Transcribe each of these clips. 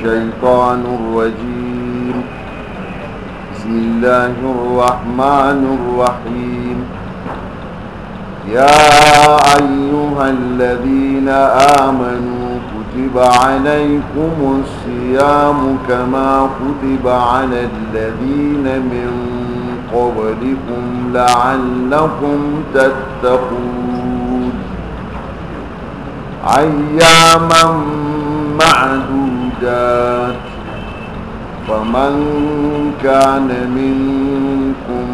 الشيطان الرجيم بسم الله الرحمن الرحيم يا أيها الذين آمنوا كتب عليكم الصيام كما كتب على الذين من قبلكم لعلكم تتقون أياما معدودة الدار فمن كان منكم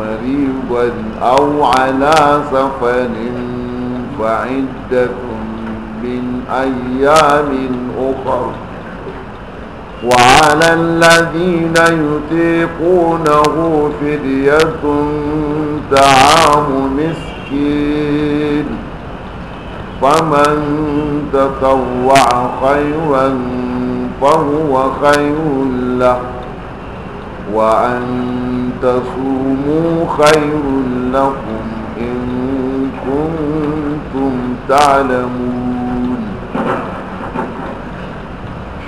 مريضا أو على سفر فعدة من أيام أخر وعلى الذين يطيقونه فدية طعام مسكين فمن تطوع خيرا فهو خير له وأن تصوموا خير لكم إن كنتم تعلمون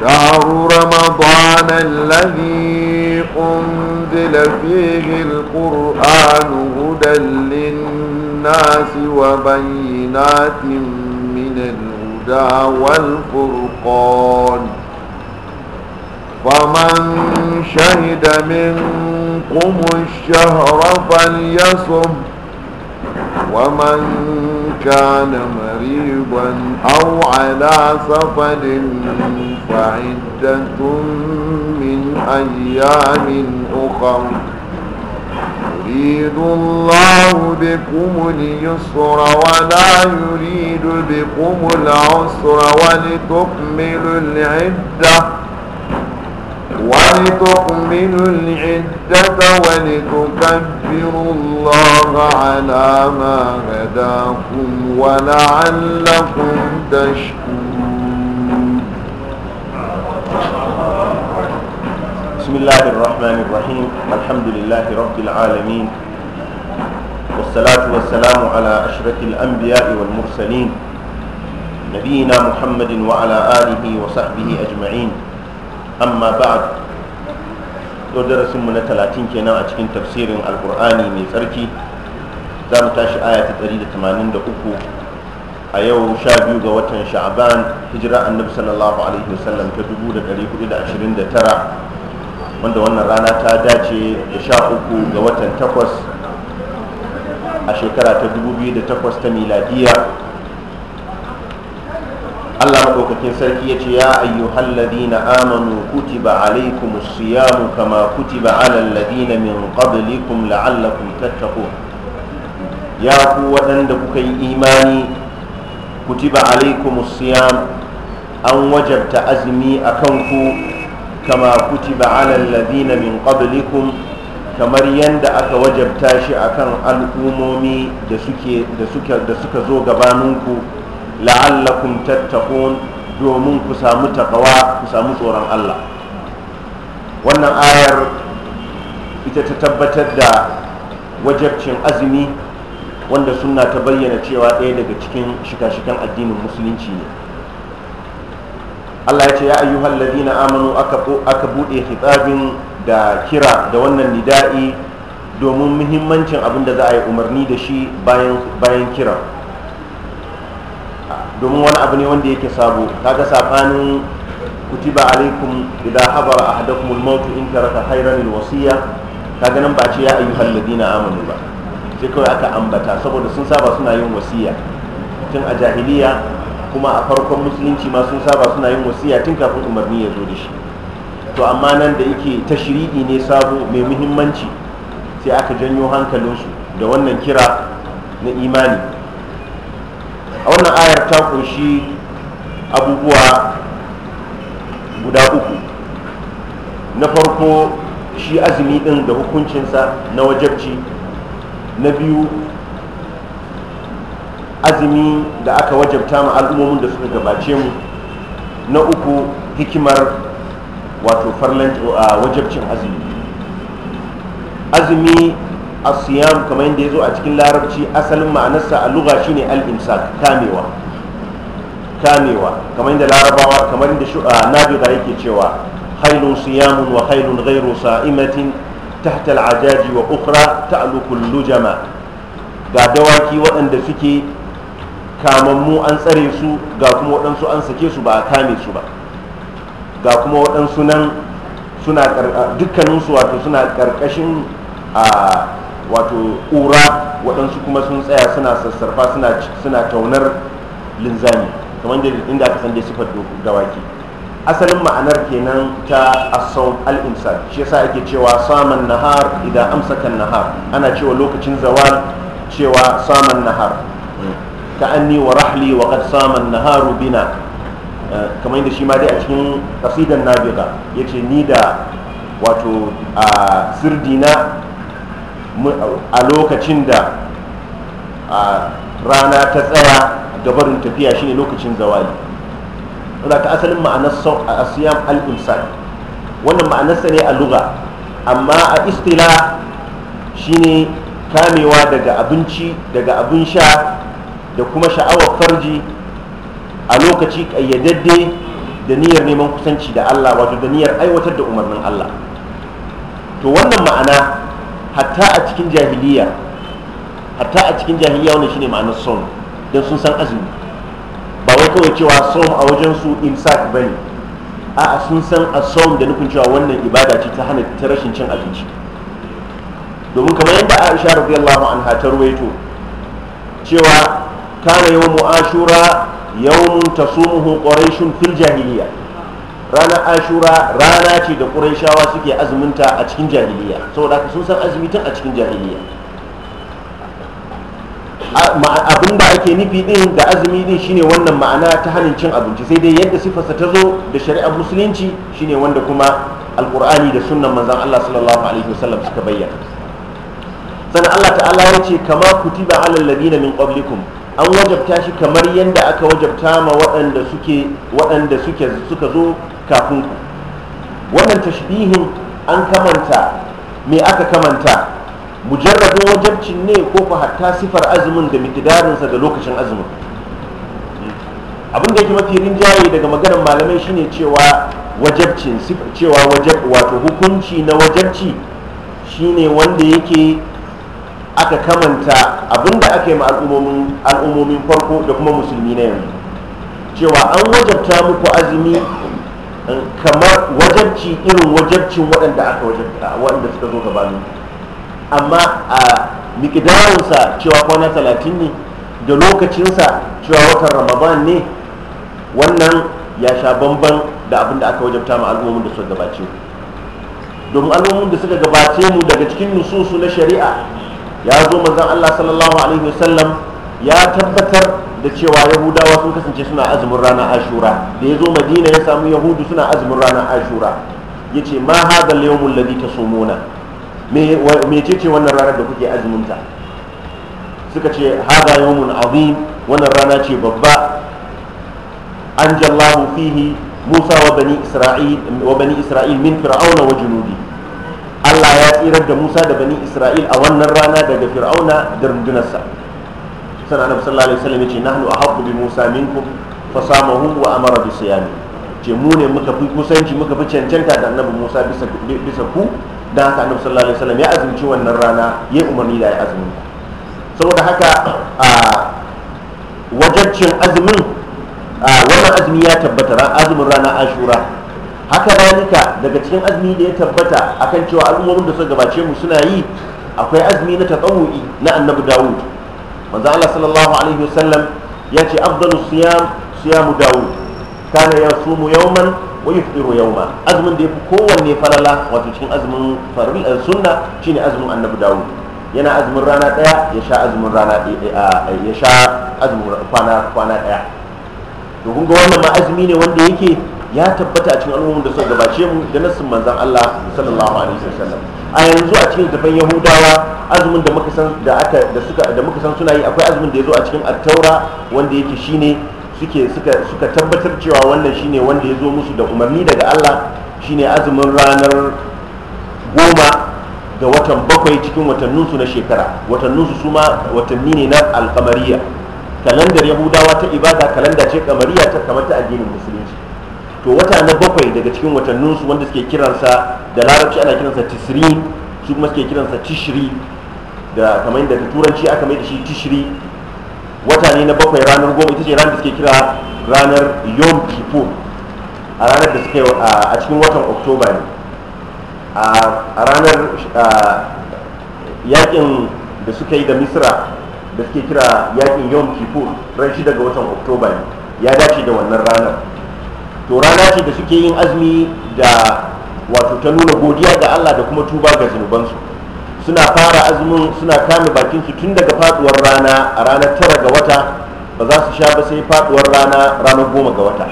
شهر رمضان الذي أنزل فيه القرآن هدى للناس وبينات الهدى والفرقان فمن شهد منكم الشهر فليصم ومن كان مريضا أو على سفر فعدة من أيام أخر يريد الله بكم اليسر ولا يريد بكم العسر ولتكملوا العدة ولتكملوا العدة ولتكبروا الله على ما هداكم ولعلكم تشكرون بسم الله الرحمن الرحيم الحمد لله رب العالمين والصلاة والسلام على أشرف الأنبياء والمرسلين نبينا محمد وعلى آله وصحبه أجمعين أما بعد درس من 30 كنا أتكين تفسير القرآن من تركي زام تاش آية 183 a yau sha biyu ga watan sha'aban hijira annabi sallallahu alaihi wasallam ta 1429 wanda wannan rana ta dace da sha uku ga watan takwas a shekara ta da takwas ta miladiya allah maɗaukakin sarki ya ce ya ayyuhal ladina amanu kutiba alaikum siyamu kama kutiba alal ladina min qablikum la'allakum tattaqun ya ku waɗanda kuka yi imani kutiba alaikum siyam an wajabta azumi a kanku كما كتب على الذين من قبلكم kamar yadda aka wajabta shi akan al'umomi da suka zo gabaninku la'allakum tattakun domin ku samu takawa ku samu tsoron Allah wannan ayar ita ta tabbatar da wajabcin azumi wanda suna ta bayyana cewa ɗaya daga cikin shika-shikan addinin musulunci ne Allah ya ce ya ayyuhal ladina amanu aka aka bude da kira da wannan nida'i domin muhimmancin abin da za a yi umarni da shi bayan kira domin wani abu ne wanda yake sabo kaga sabanin kutiba alaikum idan habara hada kuma mawutu in taraka khayran al-wasiya kaga nan ba ce ya ayyuhal ladina amanu ba sai kawai aka ambata saboda sun saba suna yin wasiya tun a jahiliya kuma a farkon musulunci ma sun saba suna yin wasiya tun kafin umarni ya zo da shi to amma nan da yake ta shiriɗi ne sabo mai muhimmanci sai aka janyo hankalinsu da wannan kira na imani a wannan ayar ta kunshi abubuwa guda uku na farko shi azumi din da hukuncinsa na wajabci na biyu azumi da aka wajabta ma al'ummomin da suka gabace mu na uku hikimar wato farlan wajabcin azumi azumi siyam kamar yadda ya zo a cikin larabci asalin ma'anarsa a luga shine al-imsak kamewa kamewa kamar yadda larabawa kamar yadda da yake cewa hailun siyamun wa hailun ghairu sa'imatin tahta al-ajaji wa ukhra ta kullu jama' ga dawaki waɗanda suke kamammu an tsare su ga kuma waɗansu an sake su ba a kame su ba ga kuma waɗansu nan suna dukkaninsu wato suna ƙarƙashin a wato ƙura waɗansu kuma sun tsaya suna sassarfa suna taunar linzami kamar da inda aka san dai sifar dawaki asalin ma'anar kenan ta asau al'insa shi yasa ake cewa saman nahar idan amsakan nahar ana cewa lokacin zawal cewa saman nahar كأني ورحلي وقد سام النهار بنا kamar yadda shi ma dai a cikin kasidan nabiga ya ce ni da wato a sirdina a lokacin da rana ta tsaya gabarin tafiya shine lokacin zawali wadda ka asalin ma'anar asiyam al-imsan wannan ma'anarsa ne a luga amma a istila shine kamewa daga abinci daga abin sha da kuma sha'awar farji a lokaci ƙayyadadde da niyyar neman kusanci da Allah wato da niyyar aiwatar da umarnin Allah to wannan ma'ana hatta a cikin jahiliya hatta a cikin jahiliya wannan shine ma'anar son don sun san azumi ba wai kawai cewa som a wajen su imsak bane a sun san a asom da nufin cewa wannan ibada ce ta hana ta rashin cin abinci domin kamar yadda Aisha radiyallahu anha ta ruwaito cewa kana yawmu ashura yawmun tasumuhu quraishun fil jahiliya ranar ashura rana ce da quraishawa suke azuminta a cikin jahiliya saboda haka sun san azumi a cikin jahiliya abin da ake nufi din da azumi din shine wannan ma'ana ta hannun cin abinci sai dai yadda sifarsa ta zo da shari'ar musulunci shine wanda kuma alkur'ani da sunnan manzon Allah sallallahu alaihi wasallam suka bayyana sannan Allah ta'ala ya ce kama kutiba alal ladina min qablikum an wajabta shi kamar yadda aka wajabta ma waɗanda suke waɗanda suke suka zo kafin ku wannan tashbihin an kamanta me aka kamanta mujarrabin wajabcin ne ko ku hatta sifar azumin da mikidarinsa da lokacin azumin abin da yake mafi rinjaye daga maganar malamai shine cewa wajabcin cewa wajab wato hukunci na wajabci shine wanda yake aka kamanta abinda aka yi ma al'ummomin farko da kuma musulmi na yanzu cewa an wajabta muku azumi eh, kamar wajabci irin wajabcin waɗanda aka wajabta waɗanda suka zo gabanin amma a mikidawunsa cewa kwana talatin ne da lokacinsa cewa watan ramadan ne wannan ya sha bamban da abin aka wajabta ma al'ummomin da suka gabace domin al'ummomin da suka gabace mu daga cikin nususu na shari'a ya zo manzon Allah sallallahu alaihi wasallam ya tabbatar da cewa yahudawa sun kasance suna azumin ranar ashura da ya zo madina ya samu yahudu suna azumin ranar ashura ya ce ma haɗa yawmul ladhi tasumuna me ce ce wannan ranar da kuke azumin ta suka ce haɗa yawmun azim wannan rana ce babba anjallahu fihi musa wa bani isra'il min fir'auna wa junudi Allah ya tsirar da Musa da bani Isra'il a wannan rana daga Fir'auna da rundunarsa sana annabi sallallahu alaihi wasallam yace nahnu ahabbu bi Musa minkum fasamahu wa amara bi siyami ce mu ne muka fi kusanci muka fi cancanta da annabi Musa bisa bisa ku dan haka annabi sallallahu alaihi wasallam ya azumci wannan rana ya umarni da ya azumi saboda haka a wajabcin azumin wannan azumi ya tabbata azumin rana Ashura haka dalika daga cikin azumi da ya tabbata akan cewa al'ummomin da suka gabace mu suna yi akwai azumi na tatawu'i na annabi dawud manzo Allah sallallahu alaihi wasallam ya ce abdul siyam siyamu dawud kana yasumu yawman wa yufṭiru yawma azumin da yafi kowanne falala wato cikin azumin farbi eh, sunna shine azumin annabi dawud yana azumin rana daya ya sha azumin rana eh, eh, ah, ya sha azumin kwana kwana daya to kun ga wannan ma azumi ne wanda yake ya tabbata a cikin al'ummar da suka gabace mu da nassin manzon Allah sallallahu alaihi wasallam a yanzu a cikin tafan yahudawa azumin da muka san da aka da suka da muka san suna yi akwai azumin da yazo a cikin at-taura wanda yake shine suke suka suka tabbatar cewa wannan shine wanda yazo musu da umarni daga Allah shine azumin ranar goma ga watan bakwai cikin watannin su na shekara watannin su suma watanni ne na al-qamariya kalandar yahudawa ta ibada kalanda ce kamariya ta kamar ta addinin musulunci to wata na bakwai daga cikin su wanda suke kiransa da larabci ana kiransa tisri su kuma suke kiransa tishiri da kamar yadda turanci aka mai da shi tishiri wata ne na bakwai ranar goma ita ce ranar da suke kira ranar yom kippur a ranar da suke a cikin watan oktoba ne a ranar yakin da suka yi da misra da suke kira yakin yom kippur ran shi daga watan oktoba ne ya dace da wannan ranar to rana ce da suke yin azumi da wato ta nuna godiya ga Allah da kuma tuba ga zunubansu suna fara azumin suna kame su tun daga faduwar rana a ranar tara ga wata ba za su sha ba sai faduwar rana ranar goma ga wata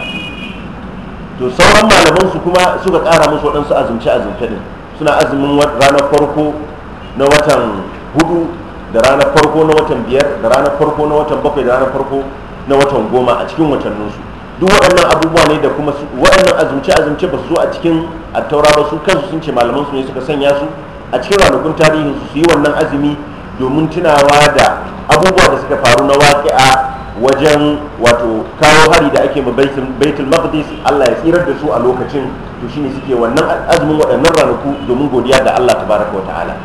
to sauran malaman su kuma suka kara musu waɗansu azumce azumce din suna azumin ranar farko na watan hudu da ranar farko na watan biyar da ranar farko na watan bakwai da ranar farko na watan goma a cikin watanninsu duk waɗannan abubuwa ne da kuma waɗannan azumce azumce ba su zo a cikin attaura ba su kansu sun ce malaman su ne suka sanya su a cikin ranakun tarihin su su yi wannan azumi domin tunawa da abubuwa da suka faru na a wajen wato kawo hari da ake ma baitul maqdis Allah ya tsirar da su a lokacin to shine suke wannan azumin waɗannan ranaku domin godiya ga Allah tabaraka wa ta'ala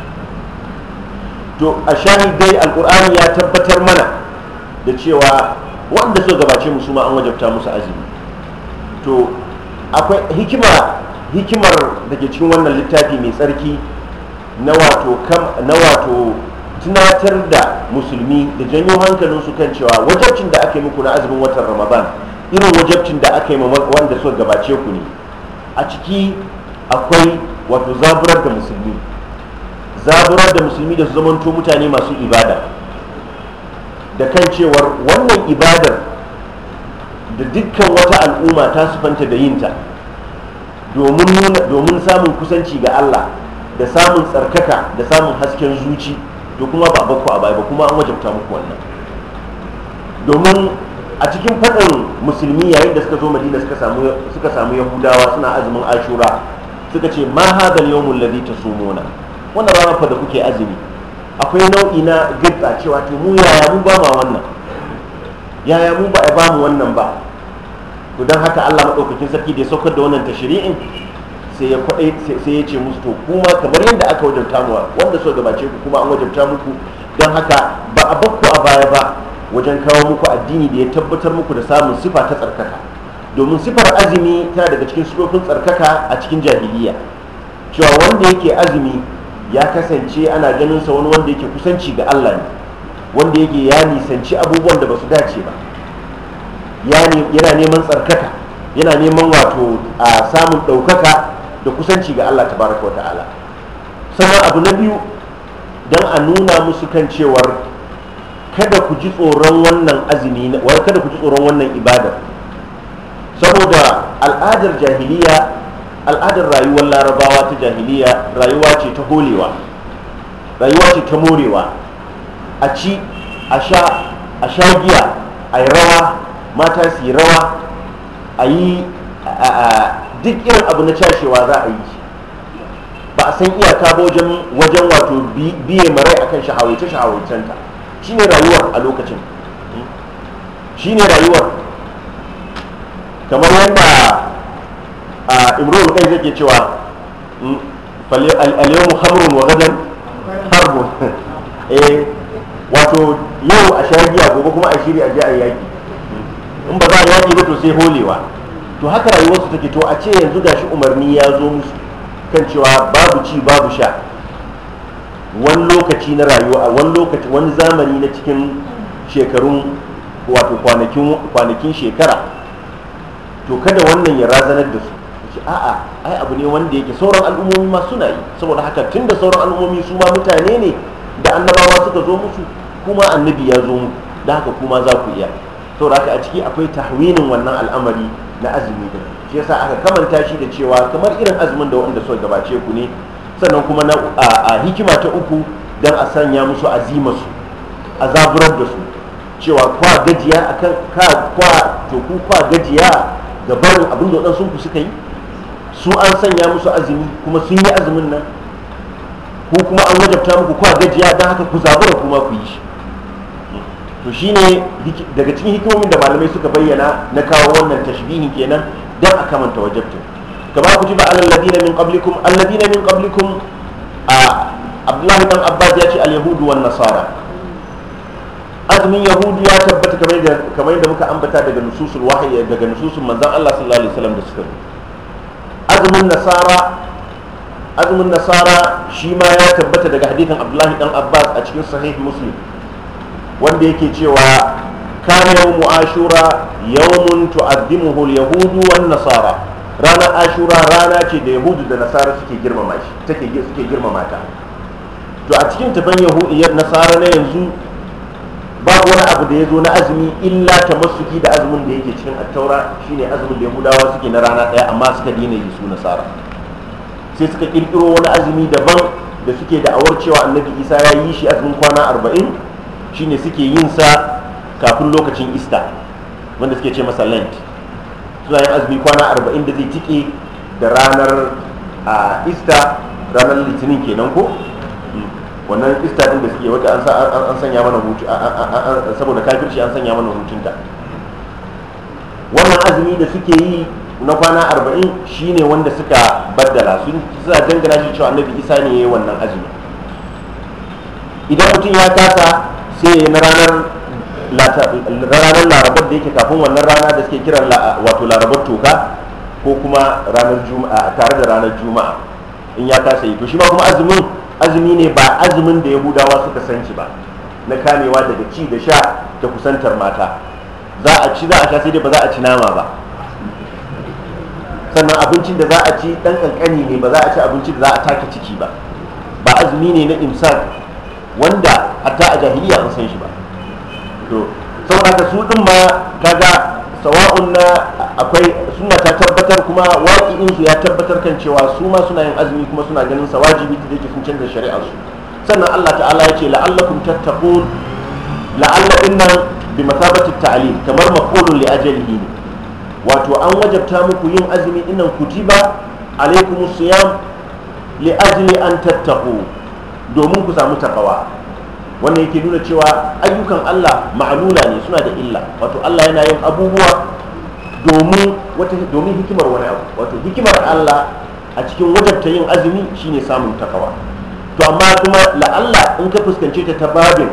to a shahidai alqur'ani ya tabbatar mana da cewa wanda suka gabace mu suma an wajabta musu azumi to akwai hikima hikimar da ke cikin wannan littafi mai tsarki na wato na wato tunatar da musulmi da janyo hankalin su kan cewa wajabcin da ake muku na azumin watan ramadan irin wajabcin da aka yi wanda suka gabace ku ne a ciki akwai wato zaburar da musulmi zaburar da musulmi da su zamanto mutane masu ibada da kan cewar wannan ibadar da dukkan wata al'umma ta sufanta da yinta domin samun kusanci ga Allah da samun tsarkaka da samun hasken zuci to kuma ba bakku a baya ba kuma an wajabta muku wannan domin a cikin faɗin musulmi yayin da suka zo madina suka samu yahudawa suna azumin ashura suka ce ma hadal yawmul ladhi tasumuna wannan rana fa da kuke azumi akwai nau'i na girta cewa to mu yaya mu ba ma wannan yaya mu ba ba mu wannan ba to don haka Allah maɗaukakin sarki da ya saukar da wannan tashri'in sai ya sai ya ce musu to kuma kamar yadda aka wajabta mu wanda so gabace ku kuma an wajabta muku don haka ba a bakku a baya ba wajen kawo muku addini da ya tabbatar muku da samun sifa ta tsarkaka domin sifar azumi tana daga cikin sifofin tsarkaka a cikin jahiliya cewa wanda yake azumi ya kasance ana ganinsa wani wanda yake kusanci ga Allah ne wanda yake ya nisanci abubuwan da ba su dace ba yana neman tsarkaka yana neman wato a samun ɗaukaka da kusanci ga Allah tabaraka wa ta'ala sannan abu na biyu don a nuna musu kan cewar kada ku ji tsoron wannan azumi kada ku ji tsoron wannan ibadar saboda al'adar jahiliya al'adar rayuwar larabawa ta jahiliya rayuwa ce ta holewa rayuwa ce ta morewa a ci a sha giya a yi rawa mata su yi rawa a yi duk irin abu na cashewa za a yi ba a san iyaka ba wajen wato biye marai akan shahawace shahawaitanta shine rayuwar a lokacin hmm? shine rayuwar kamar yadda a imrul kai zai cewa al-yawmu khamrun wa gadan harbun eh wato yau a shariya gobe kuma a shiri a je a yaki in ba za a yaki ba to sai holewa to haka rayuwarsu take to a ce yanzu gashi umarni ya zo musu kan cewa babu ci babu sha wani lokaci na rayuwa a wani lokaci wani zamani na cikin shekarun wato kwanakin shekara to kada wannan ya razanar da su shi a'a ai abu ne wanda yake sauran al'ummomi ma suna yi saboda haka tun da sauran al'ummomi su ma mutane ne da annabawa suka zo musu kuma annabi ya zo muku da haka kuma za ku iya saboda haka a ciki akwai tahwinin wannan al'amari na azumi da shi yasa aka kamanta shi da cewa kamar irin azumin da wanda suka gabace ku ne sannan kuma na a hikima ta uku dan a sanya musu azima su a zaburar da su cewa kwa gajiya akan ka kwa to ku kwa gajiya ga barin abin da waɗansu ku suka yi su an sanya musu azumi kuma sun yi azumin nan ko kuma an wajabta muku kwa gajiya don haka ku zaɓi da kuma ku yi shi to ne daga cikin hikimomin da malamai suka bayyana na kawo wannan tashbihin kenan don a kamanta wajabta kama ku ji ba alal ladina min qablikum ladina min qablikum a abdullahi dan abbas ya ce al yahudu wan nasara azumin yahudu ya tabbata kamar da muka ambata daga nususul wahyi daga nususul manzon Allah sallallahu alaihi wasallam da suka azumin nasara azumin nasara shi ma ya tabbata daga hadithin abdullahi dan abbas a cikin sahih muslim wanda yake cewa kana yawmu ashura yawmun tu'addimuhu al-yahudu wan nasara ranar ashura rana ce da yahudu da nasara suke girmama shi take suke girmama ta to a cikin tafan yahudu nasara na yanzu babu wani abu da ya zo na azumi illa ta masuki da azumin da yake cikin attaura shine azumin da yahudawa suke na rana ɗaya amma suka dina yi su nasara sai suka ƙirƙiro wani azumi daban da suke da awar cewa annabi isa ya yi shi azumin kwana arba'in shine suke yin sa kafin lokacin ista wanda suke ce masa lent suna yin azumi kwana arba'in da zai tike da ranar ista ranar litinin kenan ko wannan ista din da suke wata an sanya mana hutu saboda kafirci an sanya mana hutunta wannan azumi da suke yi na kwana arba'in shine wanda suka baddala sun suna dangana shi cewa annabi isa ne ya yi wannan azumi idan mutum ya kasa sai na ranar ranar larabar da yake kafin wannan rana da suke kiran wato larabar toka ko kuma ranar juma'a tare da ranar juma'a in ya kasa yi to shi ma kuma azumin azumi ne ba azumin da yahudawa suka san shi ba na kamewa daga ci da sha da kusantar mata za a ci za a sha sai dai ba za a ci nama ba sannan abincin da za a ci dan kankani ne ba za a ci abincin da za a take ciki ba ba azumi ne na imsak wanda hatta a jahiliya sun san shi ba to saboda su din ma kaga sawa'un na akwai suna ta tabbatar kuma waƙi'in su ya tabbatar kan cewa su ma suna yin azumi kuma suna ganin sa wajibi da yake sun canza shari'ar su sannan Allah ta'ala ya ce la'allakum tattaqun la'alla innan bi masabati ta'lim kamar maqulun li ajalihi ne wato an wajabta muku yin azumi innan kutiba alaykumus siyam li ajli an tattaqu domin ku samu takawa wannan yake nuna cewa ayyukan Allah ma'alula ne suna da illa wato Allah yana yin abubuwa domin wata domin hikimar wani abu wato hikimar Allah a cikin wajabta yin azumi shine samun takawa to amma kuma la'alla in ka fuskance ta ta babin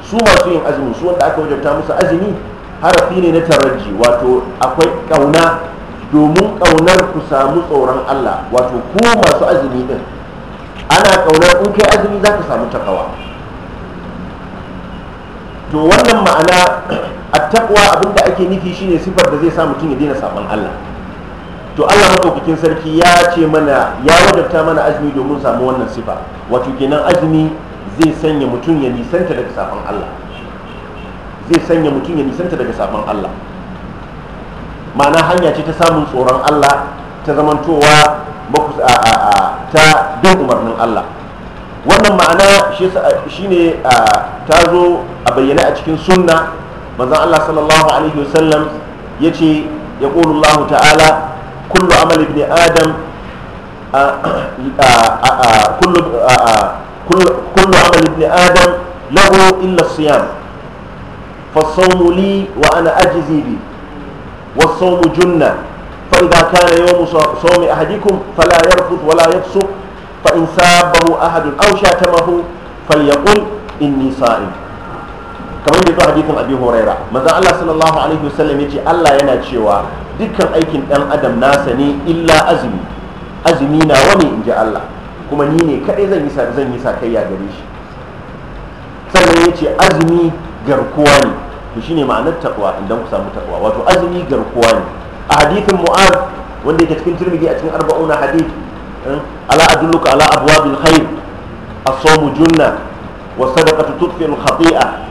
su masu yin azumi su wanda aka wajabta musu azumi harafi ne na tarajji wato akwai kauna domin kaunar ku samu tsoron Allah wato ku masu azumi din ana kaunar in kai azumi za ka samu takawa to wannan ma'ana a abin abinda ake nufi shine sifar da zai sa mutum ya daina sabon Allah to Allah Maɗaukakin sarki ya ce mana ya wadata mana azumi domin samu wannan sifa wato kenan azumi zai sanya mutum ya nisanta daga sabon Allah zai sanya mutum ya nisanta daga sabon Allah ma'ana hanya ce ta samun tsoron Allah ta zamantowa ta bin umarnin Allah wannan ma'ana shi ne ta zo a bayyane a cikin sunna manzan Allah sallallahu alaihi wasallam ya ce ya Allah ta'ala kullu amal ibn adam kullu amal ibn adam lahu illa siyam فالصوم لي وأنا أجزي به والصوم جنة فإذا كان يوم صوم أحدكم فلا يرفث ولا يفسق in sabahu ahadun aw shatamahu falyaqul inni sa'im kamar da zuwa hadithin abi huraira manzon Allah sallallahu alaihi wasallam yace Allah yana cewa dukkan aikin dan adam nasa ne illa azumi azumi na wani inji Allah kuma ni ne kadai zan yi zan yi sakayya gare shi sannan yace azumi garkuwa ne to shine ma'anar taqwa idan ku samu taqwa wato azumi garkuwa ne a hadithin mu'ad wanda yake cikin tirmidhi a cikin arba'una hadith ala adulluka ala abwabil khair asawmu junna wa sadaqatu tudfi khatia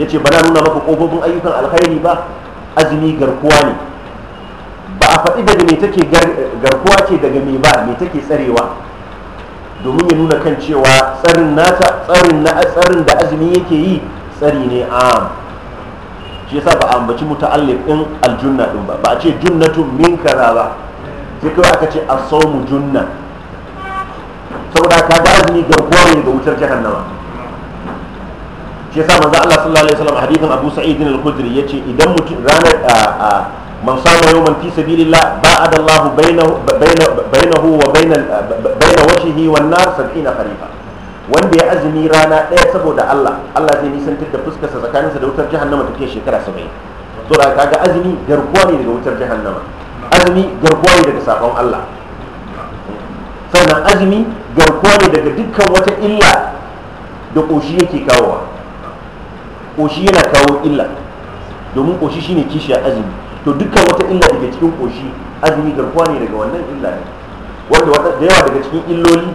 yace bana nuna maka kofofin ayyukan alkhairi ba azumi garkuwa ne ba a faɗi daga me take garkuwa ce daga me ba me take tsarewa domin ya nuna kan cewa tsarin nata tsarin na tsarin da azumi yake yi tsari ne am shi yasa ba a ambaci muta'allif din aljunna din ba ba a ce junnatun min kaza ba sai kawai aka ce asawmu junna saboda ka ga azumi ga wutar jahannama shi yasa manzo Allah sallallahu alaihi wasallam Abu Sa'id al-Khudri yace idan mutum ranar man sama yawman fi sabilillah ba'ada Allah bainahu bainahu wa bainal baina wajhihi wan nar 70 kharifa wanda ya azumi rana ɗaya saboda Allah Allah zai nisantar da fuskarsa tsakaninsa da wutar jahannama take shekara 70 to da kaga azumi garkuwa ne daga wutar jahannama azumi garkuwa ne daga sakon Allah sannan azumi garkuwa ne daga dukkan wata illa da ƙoshi yake kawowa ƙoshi yana kawo illa domin ƙoshi shine a azumi to dukkan wata illa daga cikin ƙoshi azumi garkuwa ne daga wannan illa ne wanda da yawa daga cikin illoli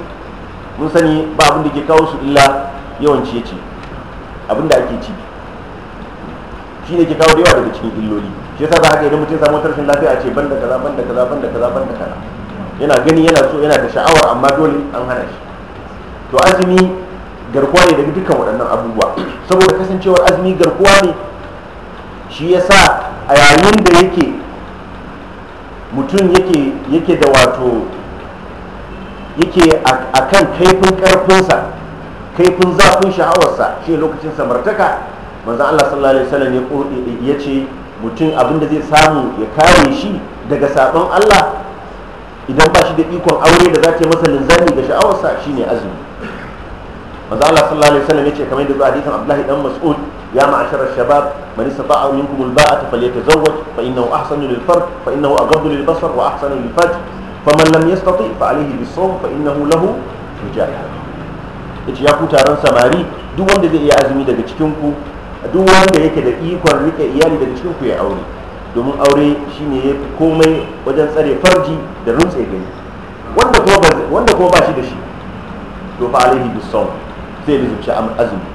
mun sani ba abin da ke kawo su illa yawanci ya ce abin da ake ci shi ne ke kawo da yawa daga cikin illoli shi yasa za ka idan mutum samun samu lafiya a ce ban da kaza ban da kaza ban da kaza ban da kaza yana gani yana so yana da sha'awar amma dole an hana shi to azumi garkuwa ne daga dukkan waɗannan abubuwa saboda kasancewar azumi garkuwa ne shi ya sa a yayin da yake mutum yake da wato yake a kan kaifin ƙarfinsa kaifin zafin sha'awarsa shi lokacin samartaka manzan allah sallallahu alaihi wasallam ya ce mutum abinda zai samu ya kare shi daga sabon allah idan ba shi da ikon aure da za ta yi masa linzami ga sha'awarsa shine azumi manzo Allah sallallahu alaihi wasallam yace kamar da zuwa hadisin Abdullahi dan Mas'ud ya ma'ashara shabab man istata'a minkum alba'ata falyatazawwaj fa innahu ahsanu lil fard fa innahu aghaddu lil basar wa ahsanu lil fajr faman lam yastati fa alayhi bis sawm fa innahu lahu mujahidah yace ya taron samari duk wanda zai iya azumi daga cikin ku duk wanda yake da ikon rike iyali daga cikin ku ya aure domin aure shine ya fi komai wajen tsare farji da rumtse gani wanda kuma ba shi da shi to fa alaihi bisawm sai lizumci azumi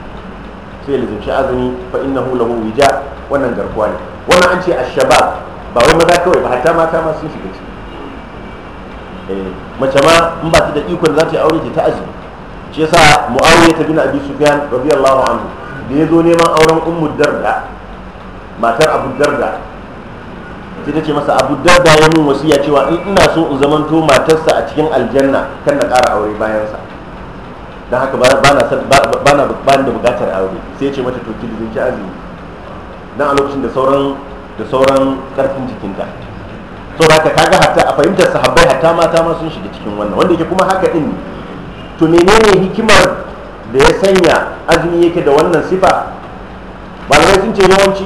sai lizumci azumi fa innahu lahu wija wannan garkuwa ne wannan an ce ashabab ba wai maza kawai ba hatta mata ma sun shiga ciki eh, mace ma in ba ta da ikon za ta yi aure ta azumi shi yasa muawiya ta bin abi sufyan radiyallahu anhu da ya zo neman auren ummu darda matar abu darda sai ta ce masa abu darda ya mun wasiya cewa in ina so in zamanto matarsa a cikin aljanna kan na kara aure bayan sa don haka ba na da bukatar aure sai ya ce mata to ki azumi don a lokacin da sauran da sauran ƙarfin jikinta da ka kaga hatta a fahimtar sahabbai hatta mata ma sun shiga cikin wannan wanda yake kuma haka din to menene hikimar da ya sanya azumi yake da wannan sifa ce yawanci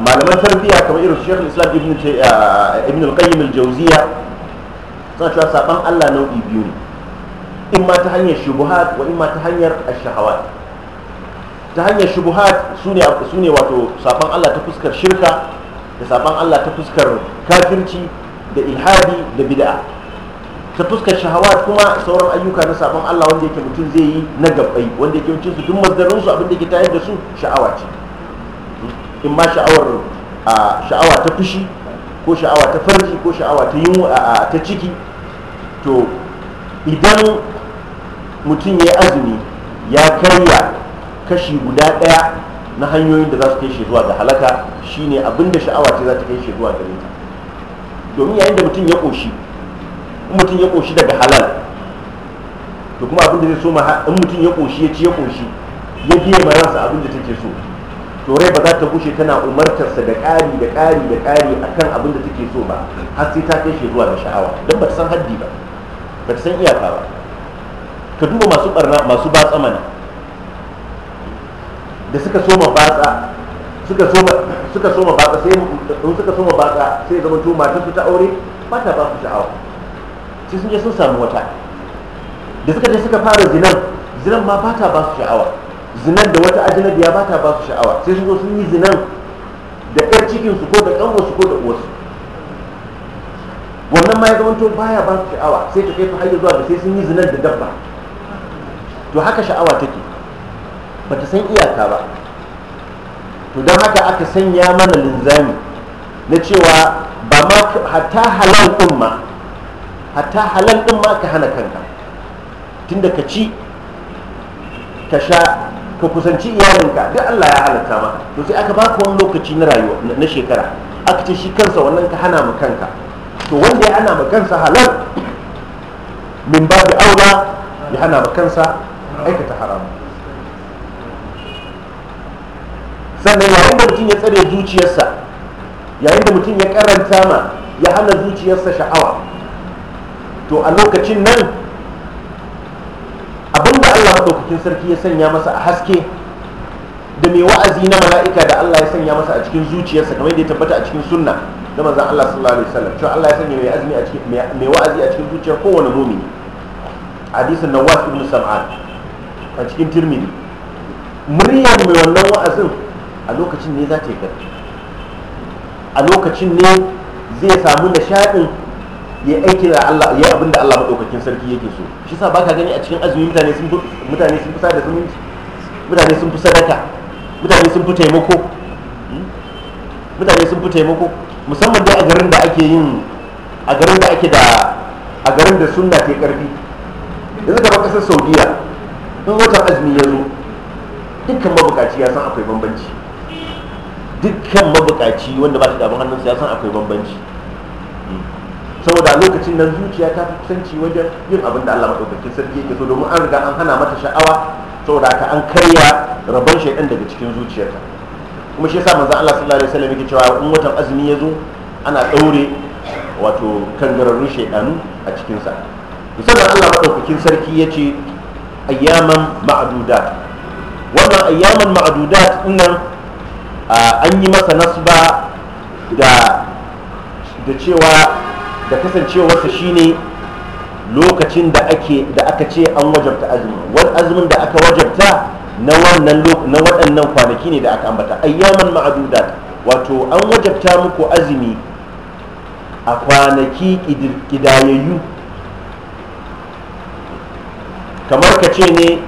malaman tarbiyya kamar irin shekul islam ibn al-qayyim al-jauziya suna cewa saban allah nau'i biyu ne in ma ta hanyar shubuhat wa in ma ta hanyar ashahawat ta hanyar shubuhat su ne wato saban allah ta fuskar shirka da saban allah ta fuskar kafirci da ilhadi da bid'a ta fuskar shahawat kuma sauran ayyuka na sabon Allah wanda yake mutum zai yi na gabbai wanda yake mutum su duk masdarin su abin da ke tayar da su sha'awa ce in ma sha'awar a sha'awa ta fushi ko sha'awa ta farji ko sha'awa ta yunwa ta ciki to idan mutum ya yi azumi ya karya kashi guda ɗaya na hanyoyin da za su kai shi zuwa ga halaka shine abinda sha'awa ce za ta kai shi zuwa gare ta domin yayin da mutum ya ƙoshi in mutum ya ƙoshi daga halal to kuma abinda zai so ma in mutum ya ƙoshi ya ci ya ƙoshi ya biya ma ransa abinda take so dorai ba za ta gushe tana umartarsa da ƙari da ƙari da ƙari a kan abin da take so ba har sai ta kai shi zuwa da sha'awa don ba ta san haddi ba ba ta san iyaka ba ka duba masu barna masu batsa mana da suka soma batsa suka soma suka soma batsa sai in suka soma batsa sai zama to matar ta aure ba ta ba su sha'awa sai sun je sun samu wata da suka je suka fara zinan zinan ma ba ta ba su sha'awa zinar da wata ajnabiya ba ta ba su sha'awa sai su zo sun yi zinan da ɗan cikinsu ko da ƙanwarsu ko da uwarsu wannan ma ya zama to baya ba su sha'awa sai ta kai fahayyar zuwa da sai sun yi zinar da dabba to haka sha'awa take ba ta san iyaka ba to don haka aka sanya mana linzami na cewa ba ma hata halal ɗin ma hatta halal ɗin ma ka hana kanka tunda ka ci ka sha ka kusanci iyalinka duk Allah ya halatta maka to sai aka baka wani lokaci na rayuwa na shekara aka ce shi kansa wannan ka hana ma kanka to wanda ya hana ma kansa halal min babu aula ya hana ma kansa aikata haram sannan yayin da mutum ya tsare zuciyarsa yayin da mutum ya karanta ma ya hana zuciyarsa sha'awa to a lokacin nan abinda Allah madaukakin sarki ya sanya masa a haske da mai wa'azi na mala'ika da Allah ya sanya masa a cikin zuciyarsa kamar yadda ya tabbata a cikin sunna da manzan Allah sallallahu alaihi wasallam cewa Allah ya sanya mai azumi a cikin mai wa'azi a cikin zuciyar kowane mumini hadisin Nawas ibn Sam'an a cikin Tirmidhi muryar mai wannan wa'azin a lokacin ne za ta yi a lokacin ne zai samu nishaɗin ya aiki da Allah ya abin da Allah madaukakin sarki yake so shi sa baka gani a cikin azumi mutane sun mutane sun fi sada zumunci mutane sun fi sadaka mutane sun fi taimako hmm? mutane sun fita taimako musamman dai a garin da ake yin a garin da ake da a garin da sunna ke karfi yanzu kamar kasar saudiya in wata azumi ya zo dukkan mabukaci ya san akwai bambanci dukkan mabukaci wanda ba shi da abin hannunsa ya san akwai bambanci saboda lokacin nan zuciya ta fi kusanci wajen yin abin da Allah madaukakin sarki yake so domin an riga an hana mata sha'awa saboda ka an karya rabon shaidan daga cikin zuciyarta kuma shi yasa manzo Allah sallallahu alaihi wasallam yake cewa in watan azumi ya zo ana daure wato kangararrun shaidanu a cikin sa sannan Allah madaukakin sarki yace ayyaman ma'dudat wannan ayyaman ma'dudat nan an yi masa nasba da da cewa da kasancewarsa shine lokacin da aka ce an wajabta azumi wani azumin da aka wajabta na waɗannan kwanaki ne da aka ambata ayyaman ma'aduda wato an wajabta muku azumi a kwanaki kidayayyu kamar ka ce ne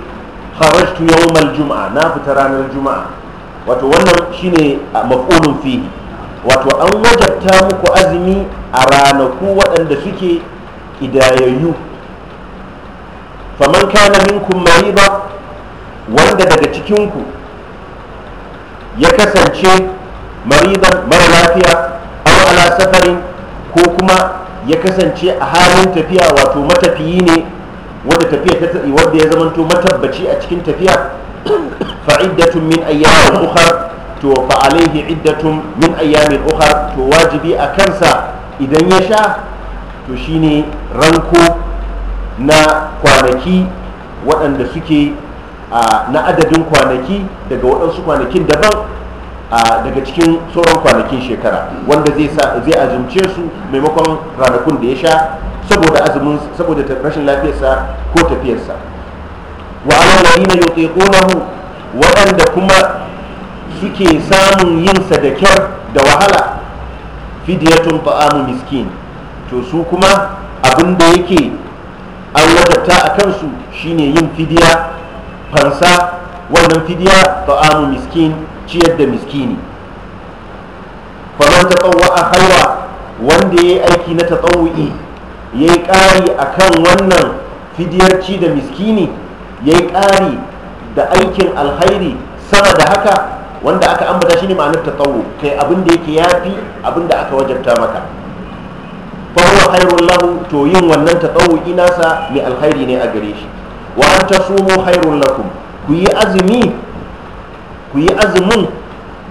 kharajtu yawmal juma'a na fita ranar juma'a wato wannan shine maf'ulun fihi wato an wajabta muku azumi a ranaku waɗanda suke ƙidayayyu faman kana minkum mariba wanda daga cikinku ya kasance mariban mara lafiya aw ala safarin ko kuma ya kasance a halin tafiya wato matafiyi ne wanda tafiya ta wanda ya zamanto matabbaci a cikin tafiya fa'iddatun min ayyamin ukhra to fa alaihi iddatun min ayyamin ukhar to wajibi a kansa idan ya sha to shine ranko na kwanaki waɗanda suke na adadin kwanaki daga waɗansu kwanakin daban daga cikin sauran kwanakin shekara wanda zai azumce su maimakon ranakun da ya sha saboda azumin saboda rashin lafiyarsa ko tafiyarsa na alal ko yutiqunahu waɗanda kuma suke samun yinsa da kyau da wahala fidiyatun fa'amu miskin to su kuma abin da yake an wajabta a kansu shine yin fidiya fansa wannan fidiya fa'amu miskin ciyar da miskini faman taɓawa a hawa wanda ya yi aiki na taɓawu'i ya yi ƙari a kan wannan fidiyarci da miskini ya yi ƙari da aikin alhairi sama da haka wanda aka ambata shi ne ma'anar tsawo kai abinda yake yafi abin da aka wajabta maka fa hairun to yin wannan tsawo inasa mai alkhairi ne a gare shi wa an sumo hairun ku yi azumi ku yi azumin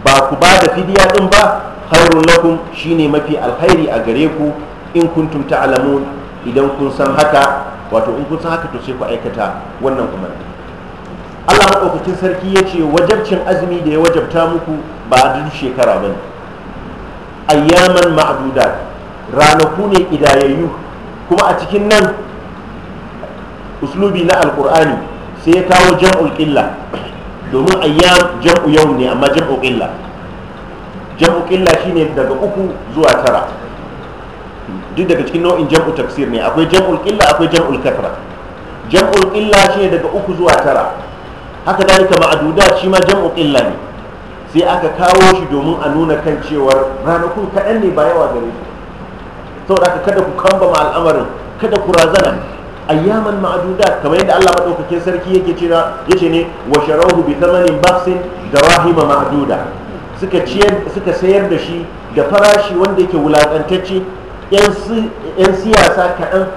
ba ku ba da fidiya din ba khairul shi ne mafi alkhairi a gare ku in kuntum ta'lamun idan kun san haka wato in kun san haka to sai ku aikata wannan umarni Allah maɗaukakin sarki ya ce wajabcin azumi da ya wajabta muku ba a duk shekara ba ne ayyaman ma'aduda ranaku ne idayayyu kuma a cikin nan uslubi na alkur'ani sai ya kawo jam'ul ƙilla domin ayyam jam'u yau ne amma jam'u ƙilla. jam'u shi shine daga uku zuwa tara duk daga cikin nau'in jam'u taksir ne akwai jam'ul ƙilla akwai jam'ul kathra jam'ul ƙilla shine daga uku zuwa tara haka dalika ma'aduda shi ma jam'u qilla ne sai aka kawo shi domin a nuna kan cewar ranakun kaɗan ne ba yawa gare shi saboda haka kada ku kambama al'amarin kada ku razana ayyaman ma'adudat kamar yadda Allah maɗaukakin sarki yake cewa ne wa sharahu bi thamanin baksin rahima ma'aduda suka ciyar suka sayar da shi da farashi wanda yake wulakantacce yan siyasa kaɗan